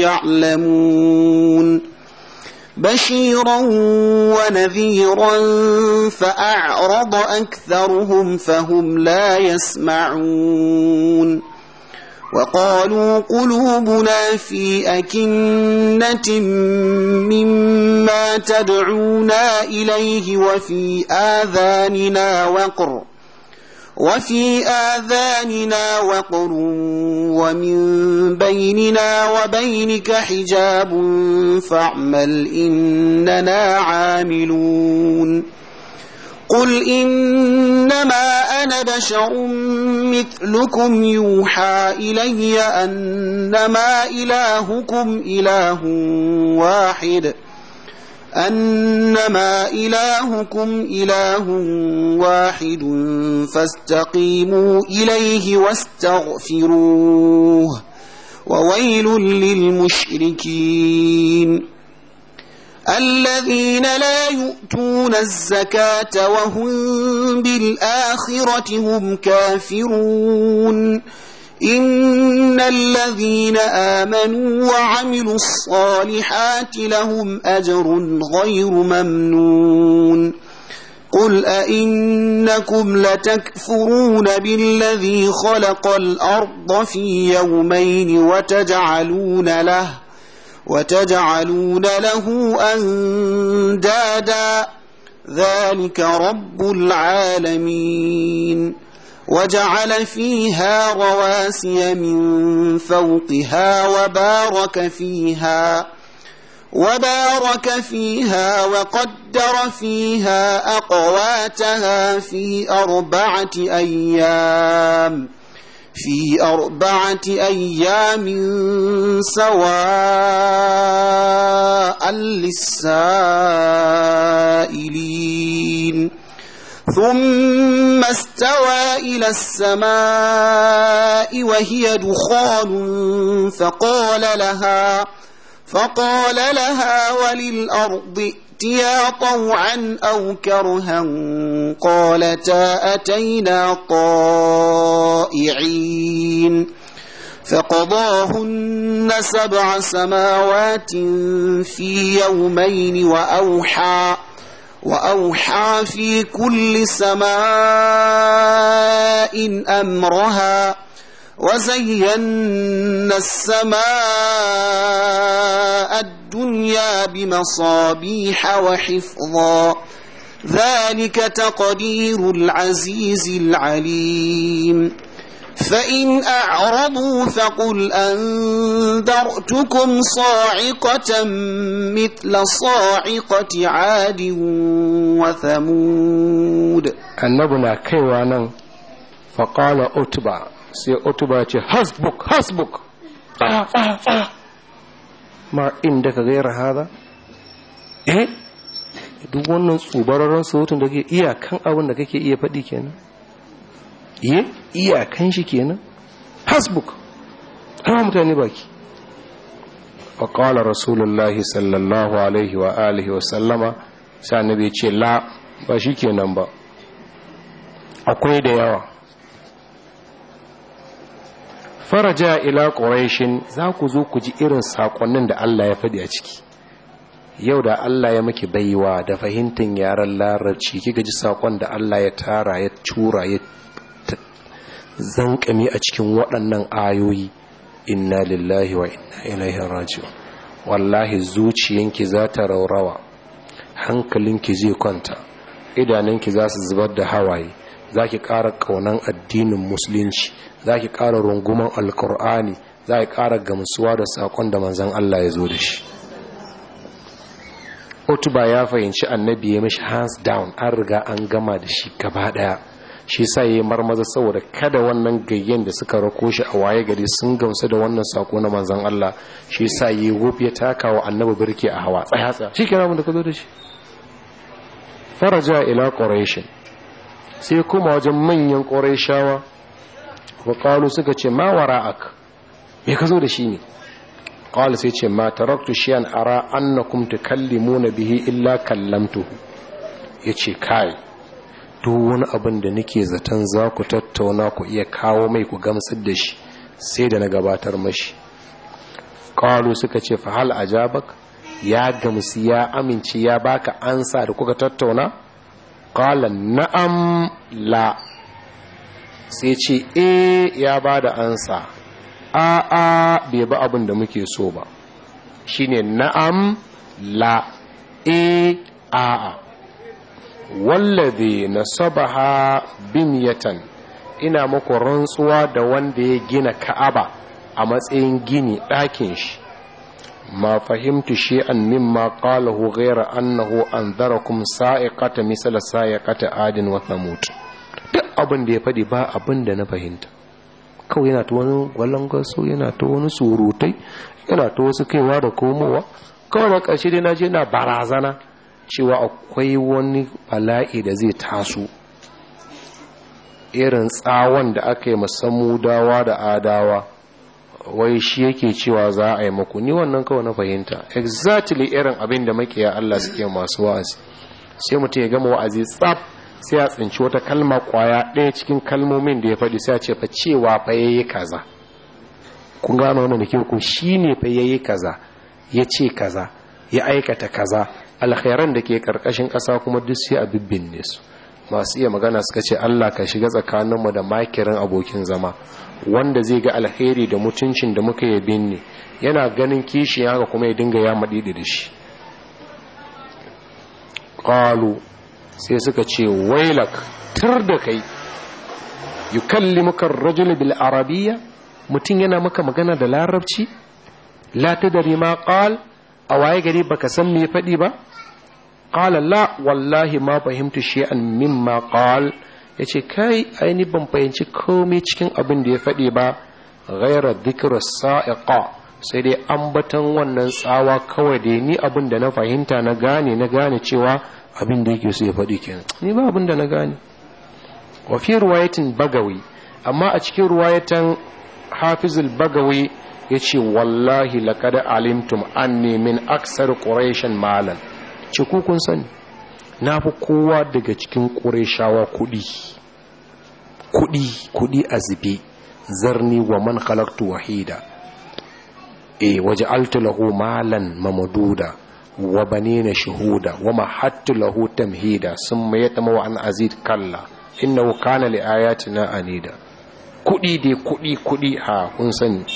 يعلمون بشيرا ونذيرا فأعرض أكثرهم فهم لا يسمعون وقالوا قلوبنا في أكنة مما تدعونا إليه وفي آذاننا وقر وفي آذاننا وقر ومن بيننا وبينك حجاب فاعمل إننا عاملون قل إنما أنا بشر مثلكم يوحى إلي أنما إلهكم إله واحد ۖ أنما إلهكم إله واحد فاستقيموا إليه واستغفروه وويل للمشركين الذين لا يؤتون الزكاة وهم بالآخرة هم كافرون إن الذين آمنوا وعملوا الصالحات لهم أجر غير ممنون قل أئنكم لتكفرون بالذي خلق الأرض في يومين وتجعلون له وتجعلون له أندادا ذلك رب العالمين وجعل فيها رواسي من فوقها وبارك فيها وبارك فيها وقدر فيها أقواتها في أربعة أيام في أربعة أيام سواء للسائلين ثم استوى إلى السماء وهي دخان فقال لها فقال لها وللأرض ائتيا طوعا أو كرها قالتا أتينا طائعين فقضاهن سبع سماوات في يومين وأوحى واوحى في كل سماء امرها وزينا السماء الدنيا بمصابيح وحفظا ذلك تقدير العزيز العليم فإن أعرضوا فقل أنذرتكم صاعقة مثل صاعقة عاد وثمود النبنا كيوانا فقال أتبع سي أتبع حسبك حسبك آه آه آه ما عندك غير هذا eh duk wannan tsubararren surutun da ke iyakan abin da kake iya iya eh? iyakan shi kenan hasbuk ana mutane baki qala rasulullahi sallallahu alaihi wa alihi wa sallama sai annabi ce la ba shi kenan ba akwai da yawa faraja ila ƙorashin za ku zo ku ji irin sakonnin da Allah ya faɗi a ciki yau da Allah ya miki baiwa da fahimtar yaren larabci kika ji saƙon da Allah ya tara ya cura ya zanƙami a cikin waɗannan ayoyi inna lillahi wa inna ilaihi raji'un wallahi zuciyanki za ta raurawa hankalinki zai kwanta idanunki za su zubar da hawaye za ki ƙara ƙaunan addinin musulunci za ki ƙara runguman alkur'ani za ki ƙara gamsuwa da saƙon da manzan Allah ya zo da shi otuba ya fahimci annabi ya mishi hands down an riga an gama da shi gaba ɗaya shi sa yi marmaza saboda kada wannan gayyen da suka rako shi a waye gari sun gamsu da wannan sako na manzon Allah shi sa yi wuf ya taka wa annabi birki a hawa tsaya tsaya shi kira mun da zo da shi faraja ila quraish sai kuma wajen manyan qurayshawa wa qalu suka ce ma wara'ak me zo da shi ne qala sai ce ma taraktu an ara annakum tukallimuna bihi illa Ya yace kai duk wani abin da nake zaton za ku tattauna ku iya kawo mai ku gamsar da shi sai da na gabatar mashi Ƙwalo suka ce fahal ajabak ya gamsu ya amince ya baka ansa da kuka tattauna Ƙwalo na'am la sai ce e ya ba da ansa a a bai ba abin da muke so ba shine na'am la e eh, a a wallazi nasabaha binyatan ina muku rantsuwa da wanda ya gina ka'aba a matsayin gini ɗakin shi ma fahimtu shi an shi'an ma qalahu ghayra annahu anzarakum sa'iqata misala sa'iqata adin wata mutu duk abin da ya faɗi ba abin da na fahimta kawai yana ta wani gwalangaso yana ta wani surutai yana ta wasu kaiwa da komowa kawai na ƙarshe dai na je na barazana cewa akwai wani bala'i da zai taso irin tsawon da aka yi dawa da adawa wai shi yake cewa za a yi maku ni wannan kawai na fahimta exactly irin abin da makiya Allah suke masu wa'azi sai mutum ya gama wa'azi tsab sai ya tsinci wata kalma kwaya ɗaya cikin kalmomin da ya faɗi sai ce fa cewa fa yayi kaza kun gano wannan da ke ku shine fa yayi kaza ya ce kaza ya aikata kaza alkhairan da ke karkashin ƙasa kuma duk sai a bibbinne su masu iya magana suka ce Allah ka shiga tsakaninmu da makirin abokin zama wanda zai ga alkhairi da mutuncin da muka yi binne yana ganin kishi haka kuma ya dinga ya maɗiɗi da shi qalu sai suka ce wailak tur da kai yukallimuka kalli rajul bil arabiyya mutum yana maka magana da larabci la ta ma qal a waye gari baka san me faɗi ba قال لا wallahi ma fahimtu شيئا مما قال yace kai ai ni ban fahimci komai cikin abin da ya faɗi ba ghaira dhikra sa'iqa sai dai ambaton wannan tsawa kawai da ni abin da na fahimta na gane na gane cewa abin da yake so ya faɗi kenan ni ba abin da na gane wa fi riwayatin bagawi amma a cikin riwayatan hafizul bagawi ya ce wallahi laqad alimtum anni min aksar quraishan malan ce ku kun sani na fi kowa daga cikin ƙureshawa kuɗi kuɗi kuɗi a zube zarni wa man halartu wahida e waje lahu malan mamaduda wa na shahuda wa hatta lahu tamhida maye yatama mawa an azid kalla innahu kana li na anida kuɗi dai kuɗi kuɗi a kun sani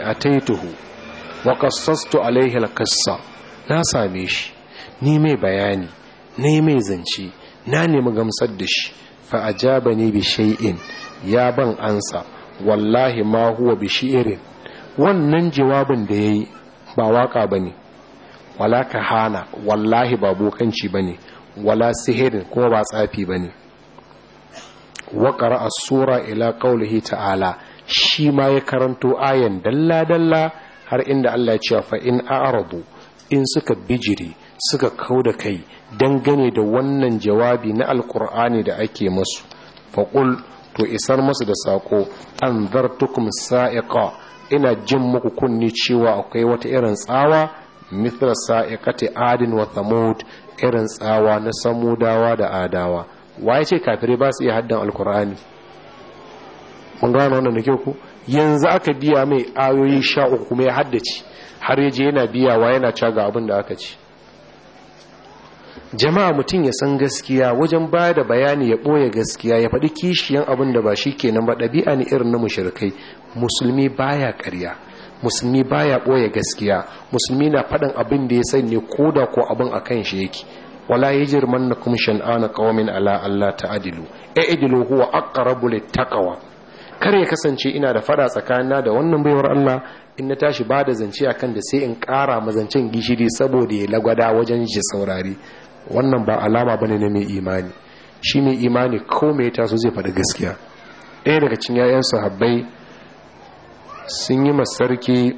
a taituhu wa kassastu alaihi alqissa na same shi ni mai bayani ni mai zance na nemi gamsar da shi fa ne bi shay'in ya ban ansa wallahi ma huwa bi shi'rin wannan jawabin da yayi ba waka bane wala kahana wallahi ba bokanci bane wala sihirin kuma ba tsafi bane wa qara'a sura ila qawlihi ta'ala shi ma ya karanto ayan dalla dalla har inda Allah ya ce fa in a'radu in suka bijiri suka kauda kai dangane da wannan jawabi na alkur'ani da ake masu qul to isar musu da sako. an zartukum sa'iqa ina jin muku kunni cewa akwai wata irin tsawa mithla sa'iqati adin wa thamud irin tsawa na samudawa da adawa waye ce kafin ba su iya haddan alkur'ani mun gano wannan da ku yanzu aka biya mai ayoyi sha uku kuma ya haddace har yaje yana biyawa yana caga abin da aka ci jama'a mutum ya san gaskiya wajen ba da bayani ya ɓoye gaskiya ya faɗi kishiyan abin da ba shi kenan ba ɗabi'a ne irin na mushrikai musulmi baya ƙarya musulmi baya ɓoye gaskiya musulmi na faɗin abin da ya ne ko da ko abin a kan shi yake wala na ana shan'ana qaumin ala adilu ya i'dilu huwa aqrabu littaqwa kar ya kasance ina da fada tsakanina da wannan baiwar Allah in na tashi ba da zance akan da sai in ƙara mazancen gishiri saboda ya lagwada wajen ji saurari wannan ba alama ba ne na mai imani shi mai imani ko mai taso zai faɗi gaskiya ɗaya daga cin yayan sahabbai sun yi masarki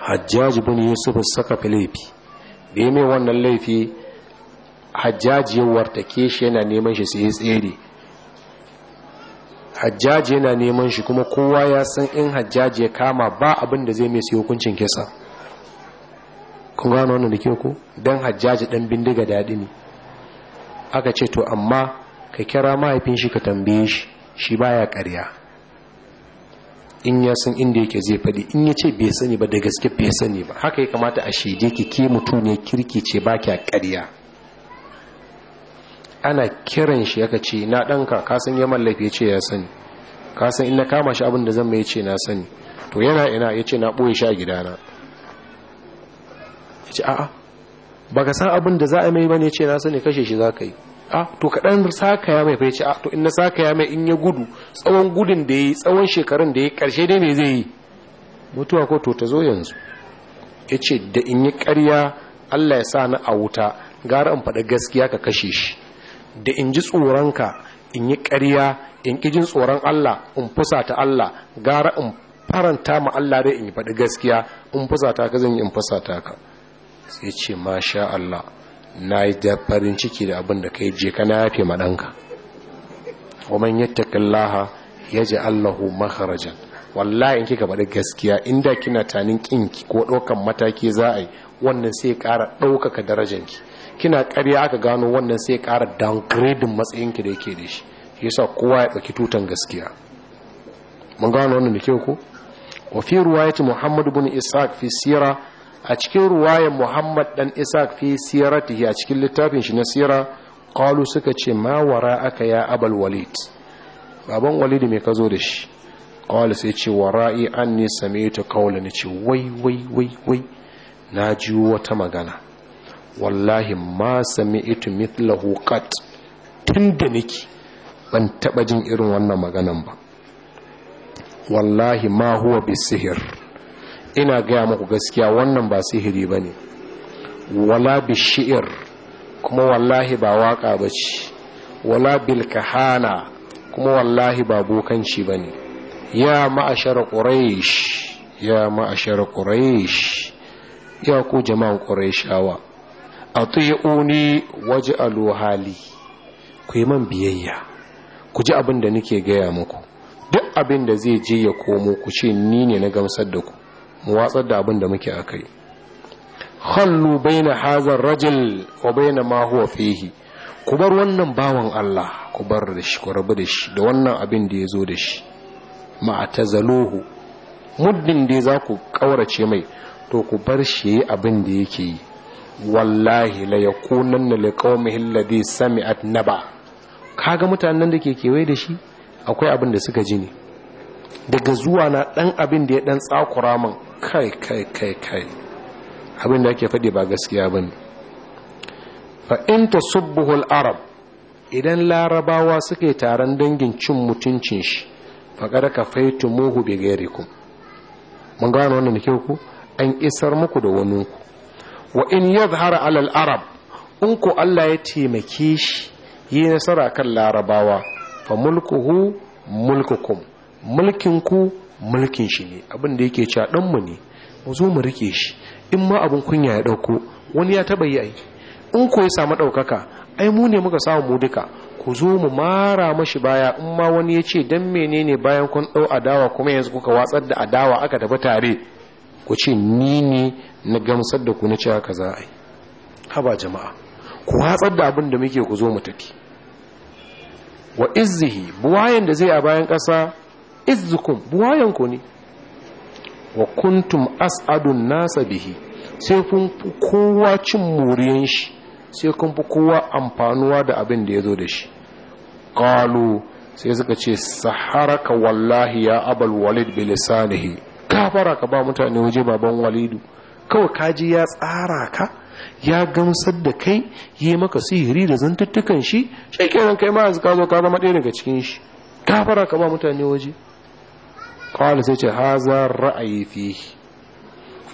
hajjaji bin yusuf saka laifi da ya mai wannan laifi hajjaji ya wartake shi yana neman shi sai ya tsere hajjaji yana neman shi kuma kowa ya san in hajjaji ya kama ba abin da zai mai siyo hukuncin kisa kun gano wannan da ke ku don hajjaji dan bindiga daɗi ne aka ce to amma ka kira mahaifin shi ka tambaye shi shi baya karya in ya san inda yake zai faɗi in ya ce bai sani ba da gaske bai sani ba haka ya kamata a shaide ki ke mutum ne kirki ce ba kya karya ana kiran shi yaka ce na ɗanka kasan ya mallafi ya ce ya sani kasan ina kama shi abin da zan mai ce na sani to yana ina ya ce na ɓoye shi a gidana ya ce a'a ba ka san abin da za a mai ba ne ce na sani kashe shi za ka yi a ah, to ɗan saka ya mai fa ya ce a ah, to in na saka ya mai in ya gudu tsawon gudun da ya yi tsawon shekarun da ya yi ƙarshe dai me zai yi mutuwa ko to ta zo yanzu ya ce da in yi ƙarya allah ya sa na a wuta gara in faɗa gaskiya ka kashe shi da in ji tsoronka in yi ƙarya in ƙijin tsoron Allah in fusata Allah gara in faranta ma Allah dai in yi faɗi gaskiya in fusata ka zan yi in fusata ka sai ce masha Allah na yi da farin ciki da abin da ka kai je na yafe ma ɗanka waman ya yaji Allahu maharajan wallahi in kika faɗi gaskiya inda kina tanin kinki ko ɗaukan mataki za a yi wannan sai ƙara ɗaukaka darajanki kina ƙarya aka gano wannan sai ƙara downgrading matsayinki da yake da shi yasa kowa ya ɗauki tutan gaskiya mun gano wannan da kyau ko wa fi ruwayati muhammad ibn isaac fi sira a cikin ruwayan muhammad dan isaac fi siratihi a cikin littafin shi na sira qalu suka ce ma wara aka ya abal walid baban walid me ka zo da shi qala sai ce wara'i anni sami'tu qawlan ce wai wai wai wai na ji wata magana wallahi ma sami itu mithlahu qat tun da nake ban taɓa jin irin wannan maganan ba wallahi ma huwa bisihir ina gaya muku gaskiya wannan ba sihiri ba ne wala bishi'ir kuma wallahi ba waƙa ba ce wala bilkahana kuma wallahi ba bokanci ba ne ya ma'ashara ƙuraish ya ma'ashara ƙuraish ya ku jama'an ƙuraishawa A waje waj'alu hali ku yi man biyayya ku ji abin da nake gaya muku duk abin da zai je ya komo ku ce ni ne na gamsar da ku mu watsar da abin da muke a hannu bai baina hazar rajin wa baina na mahuwa fehi ku bar wannan bawan Allah ku bar da shi ku rabu da shi da wannan abin da ya zo da shi ma'atazaluhu muddin da za ku kaurace mai to ku bar shi yayi abin da yake yi wallahi la yakunanna sami alladhi ba. Ka kaga mutanen da ke kewaye da shi akwai abin da suka ji ne daga zuwa na ɗan abin da ya ɗan tsakura man kai kai kai kai abin da ake faɗi ba gaskiya bane ne. in tasubbuhu arab idan larabawa suke taron dangin cin mutuncin shi faƙar ka faitu muhu bi gairikum mun gano wannan da ku an isar muku da waninku. wa in yadhhara alal arab in ko Allah ya taimake shi yi nasara kan larabawa fa mulkuhu mulkukum mulkin ku mulkin shi ne abin da yake cewa dan mu ne mu zo mu rike shi in ma abun kunya ya dauko wani ya taba yi ai in ku ya samu daukaka ai mu ne muka samu mu duka ku zo mu mara mashi baya in ma wani ya ce dan menene bayan kun dau adawa kuma yanzu kuka watsar da adawa aka tafi tare ku ce nini na gamsar da ku na cewa ka za yi haba jama'a ku hatsar da abin da muke ku zo mu tafi wa izzihi buwayen da zai a bayan ƙasa izzukum buwayen ku ne wa kuntum as'adun nasa bihi sai kun fi kowa cin moriyan shi sai kun fi kowa amfanuwa da abin da ya zo da shi qalu sai suka ce saharaka wallahi ya abal walid bilisanihi fara ka ba mutane waje baban walidu kawai kaji ya tsara ka ya gamsar da kai yi maka sihiri da zantuttukan shi shi nan kai ma ka zo ka zama ɗaya daga cikin shi fara ka ba mutane waje kawai sai ce haza ra'ayi fi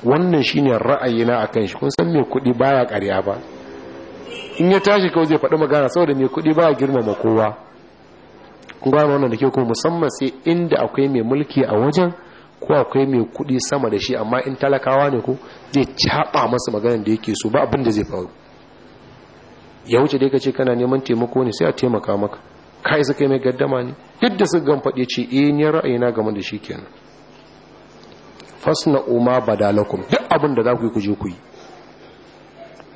wannan shi ne ra'ayi na a kan shi kun san mai kuɗi baya ƙarya ba in ya tashi kawai zai faɗi magana saboda mai kuɗi baya girmama kowa kun gano wannan da ke kuma musamman sai inda akwai mai mulki a wajen ko akwai mai kuɗi sama da shi amma in talakawa ne ko zai caɓa masa maganar da yake so ba abinda zai faru ya wuce da ce kana neman taimako ne sai a taimaka maka kai su kai mai gaddama ne duk da su gan faɗe ce eh ni ra'ayina game da shi kenan fasna uma badalakum duk abin da za ku yi ku je ku yi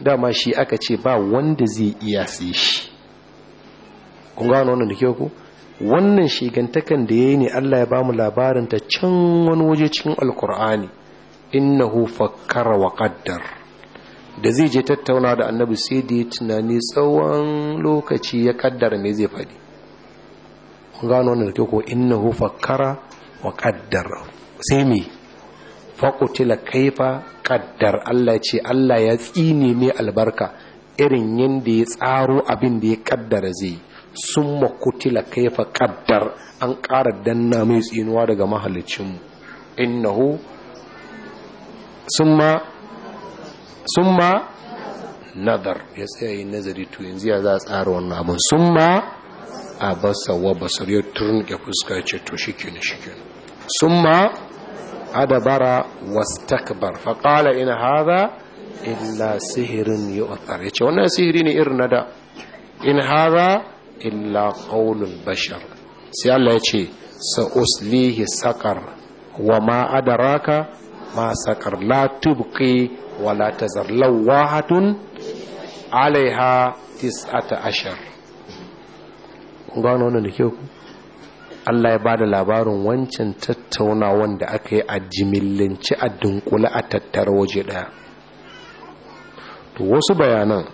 dama shi aka ce ba wanda zai iya sai shi kun gano wannan da kyau ko wannan shigantakan da ya yi ne Allah ya ba mu labarin ta can wani waje cikin alkur'ani innahu fakkara wa kaddar da zai je tattauna da annabi sai da tunani tsawon lokaci ya kaddara mai zai faɗi kun gano wannan da ko innahu fakkara wa kaddar sai me faqutila kaifa kaddar Allah ce Allah ya tsine mai albarka irin yanda ya tsaro abin da ya kaddara zai yi. sun la kaifa kaddar an ƙara danna mai tsinuwa daga mahalicin innahu summa summa nadar ya tsaye nazari to yanzu ya za a tsara wannan abin summa a wa basar ya fuska ce to shike ne summa adabara wastakbar faqala in hadha illa sihirin Ya ce wannan sihiri ne irin na da. in hadha illa qaulul bashar sai Allah ya ce uslihi sakar wa ma adraka ma sakar la tubqi wa la tazar lawahatun alaiha tis'ata ashar kun gano wannan da kyau Allah ya bada labarin wancan tattaunawan da aka yi a jimillinci a dunkula a tattara waje ɗaya to wasu bayanan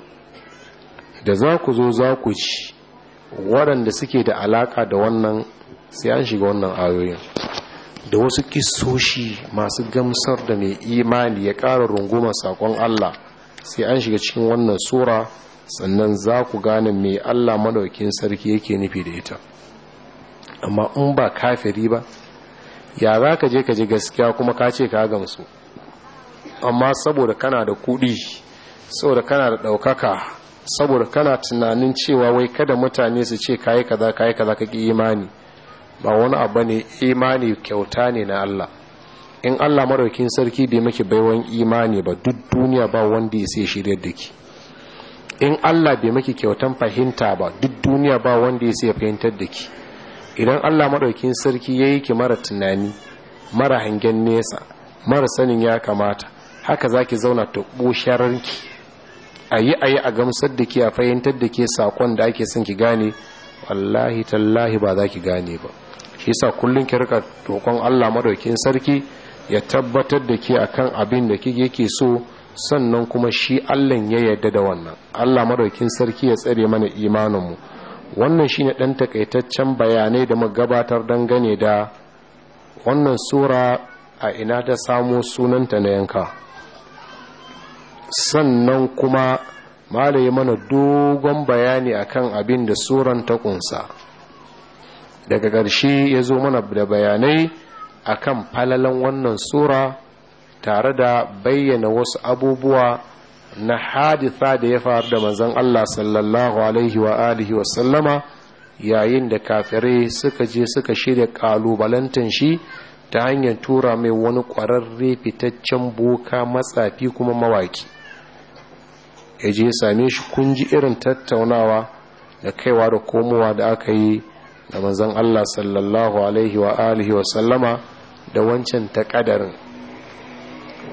da za ku zo za ku ci waɗanda suke da alaƙa da wannan sai an shiga wannan ayoyin da wasu kisoshi masu gamsar da mai imani ya ƙara runguma saƙon Allah sai an shiga cikin wannan sura sannan za ku gane mai Allah maɗaukin sarki yake nufi da ita amma in ba kafiri ba ya za ka je ka ji gaskiya kuma ka ce ka gamsu amma saboda kana da kuɗi saboda kana da ɗaukaka saboda kana tunanin cewa wai kada mutane su ce kayi kaza kayi kaza ka ki imani ba wani abu ne imani kyauta ne na Allah in Allah maraukin sarki bai maki baiwan imani ba duk duniya ba wanda ya sai shirya da ki in Allah bai maki kyautan fahimta ba duk duniya ba wanda ya sai fahimtar da ki idan Allah maraukin sarki ya yi ki mara tunani mara hangen nesa mara sanin ya kamata haka zaki zauna ta ki. a yi a yi a gamsar da ke a fahimtar da ke sakon da ake son ki gane wallahi tallahi ba za ki gane ba shi sa kullum ki rika tokon Allah madaukin sarki ya tabbatar da ke a kan abin da kike ke so sannan kuma shi Allah ya yarda da wannan Allah madaukin sarki ya tsare mana imaninmu. wannan shi ne dan takaitaccen bayanai da mu gabatar dangane da wannan sura a ina ta samo sunanta na yanka sannan kuma malaye mana dogon bayani akan abin da suran ta kunsa daga ƙarshe ya zo mana da bayanai akan falalan wannan sura tare da bayyana wasu abubuwa na haditha da ya faru da manzon Allah sallallahu alaihi wa alihi wasallama yayin da kafirai suka je suka shirya kalubalantan shi ta hanyar tura mai wani ƙwararre fitaccen boka matsafi kuma mawaki ya je same shi kun ji irin tattaunawa da kaiwa da komowa da aka yi da manzon Allah sallallahu alaihi wa alihi wa sallama da wancan takadarin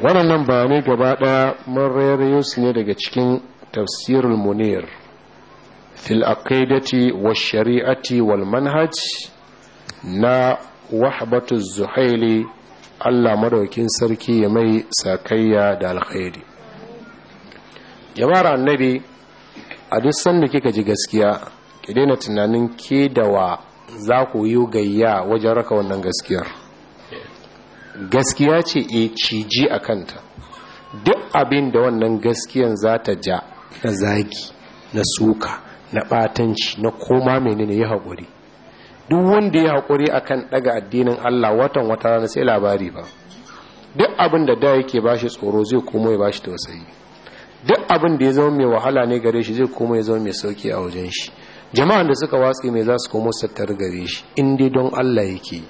waɗannan bayanai gaba ɗaya mun rairayo su ne daga cikin tafsirul munir fil aqidati wa shari'ati wal manhaj na wahbatu zuhaili Allah madaukin sarki ya mai sakayya da alkhairi jama'ar annabi a duk sanda kika ji gaskiya ki daina tunanin ke da wa za ku yi gayya wajen raka wannan gaskiyar gaskiya ce e ciji a kanta duk abin da wannan gaskiyan za ta ja na zagi na suka na batanci na koma menene ya haƙuri duk wanda ya haƙuri kan ɗaga addinin Allah watan wata rana sai labari ba duk abin da da yake bashi tsoro zai komo ya bashi tausayi duk abin da ya zama mai wahala ne gare shi zai koma ya zama mai sauki a wajen shi jama'an da suka watsi mai za su komo su tattar gare shi in dai don Allah yake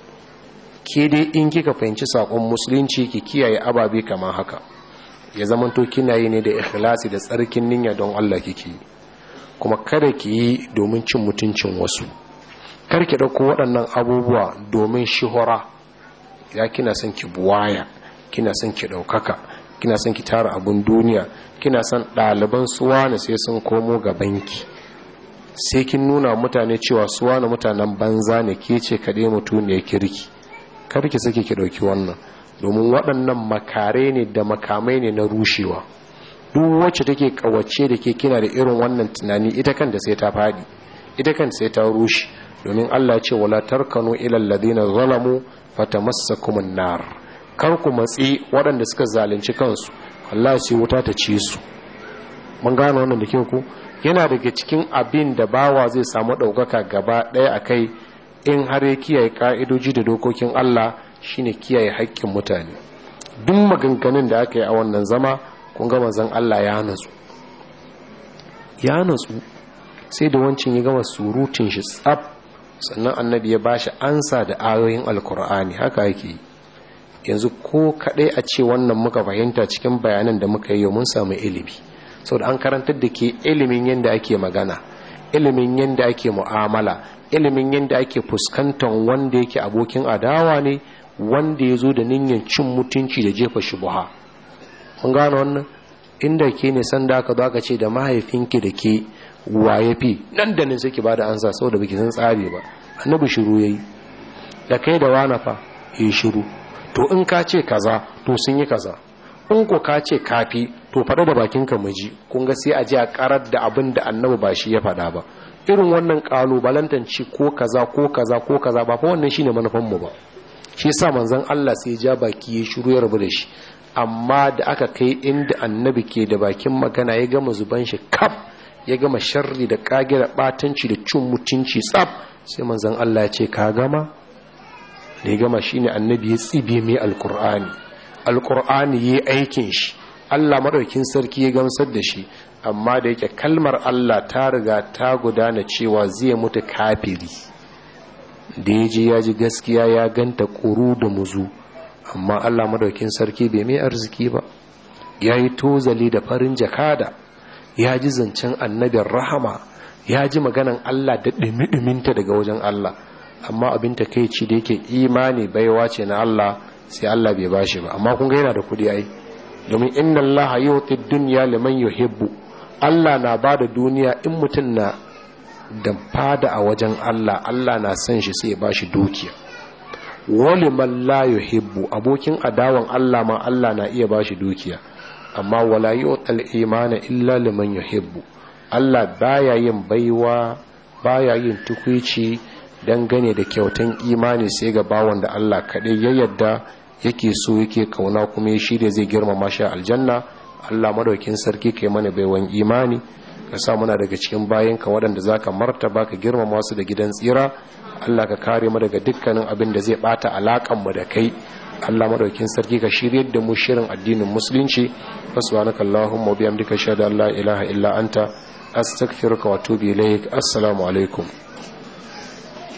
ke dai in kika fahimci sakon musulunci ki kiyaye ababe kamar haka ya zamanto kina yi ne da ikhlasi da tsarkin niyya don Allah kike kuma kada ki yi domin cin mutuncin wasu kar ki dauko waɗannan abubuwa domin shihura ya kina son ki buwaya kina son ki daukaka kina son ki tara abun duniya kina son ɗaliban suwane sai sun komo ga banki sai kin nuna mutane cewa suwane mutanen banza ne ke ce kaɗai ne kirki karki sake ki ɗauki wannan domin waɗannan makare ne da makamai ne na rushewa duk wacce take kawace da ke kina da irin wannan tunani ita kan da sai ta faɗi ita kan sai ta rushe domin Allah ce wala tarkanu ilal ladina zalamu fatamassakumun nar kar ku matsi waɗanda suka zalunci kansu Allah sai wuta ta ci su mun gano wannan da kyau yana daga cikin abin da bawa zai samu ɗaukaka gaba ɗaya a kai in har ya kiyaye ka'idoji da dokokin Allah shine kiyaye haƙƙin mutane duk maganganun da aka yi a wannan zama kun ga manzon Allah ya nutsu ya nutsu sai da wancin ya gama surutun shi tsaf sannan annabi ya bashi ansa da ayoyin alkur'ani haka yake yi yanzu ko kaɗai a ce wannan muka fahimta cikin bayanan da muka yi mun samu ilimi saboda an karantar da ke ilimin yadda ake magana ilimin yadda ake mu'amala ilimin yadda ake fuskantar wanda yake abokin adawa ne wanda ya zo da niyyar cin mutunci da jefa shubuha kun gane wannan inda ke ne san da aka zo aka ce da mahaifinki da ke waye fi nan da nan sai ki da ansa saboda biki san tsare ba annabi shiru yayi da kai da wani fa yi shiru to in ka ce kaza to sun yi kaza in ko ka ce kafi to faɗa da bakin bakinka miji kun ga sai a ji a karar da abin da annabi ba shi ya faɗa ba irin wannan balantanci ko kaza ko kaza ko kaza ba fa wannan shine manufan mu ba shi yasa manzon Allah sai ja baki ya shiru ya rabu da shi amma da aka kai inda annabi ke da bakin magana ya gama zuban shi kaf ya gama sharri da kage da batanci da cin mutunci tsaf sai manzon Allah ya ce ka gama da ya gama ne annabi ya tsibe mai alkur'ani alkur'ani yi aikin shi Allah maɗaukin sarki ya gamsar da shi amma da yake kalmar Allah ta riga ta gudana cewa zai mutu kafiri da ya ji ya ji gaskiya ya ganta ƙuru da muzu amma Allah maɗaukin sarki bai mai arziki ba ya yi tozali da farin jakada ya ji zancen annabin rahama ya ji maganan Allah da ɗumi-ɗuminta daga wajen Allah amma abin ta kai ci da yake imani baiwa ce na Allah sai Allah bai bashi ba amma kun ga yana da kudi ai domin inna Allah yuti dunya liman yuhibbu Allah na bada duniya in mutum na da fada a wajen Allah Allah na san shi sai ya bashi dukiya wali man la yuhibbu abokin adawan Allah ma Allah na iya bashi dukiya amma wala yu'tal imana illa liman yuhibbu Allah baya yin baiwa baya yin tukwici dangane da kyautan imani sai ga bawon da Allah kaɗai ya yadda yake so yake kauna kuma ya shirya zai girmama shi aljanna Allah madaukin sarki kai mana baiwan imani ka sa muna daga cikin bayan ka waɗanda za ka martaba ka girmama su da gidan tsira Allah ka kare mu daga dukkanin abin da zai bata alakan mu da kai Allah madaukin sarki ka shiryar da mu shirin addinin musulunci subhanaka allahumma wa bihamdika shada la ilaha illa anta astaghfiruka wa atubu ilaik assalamu alaikum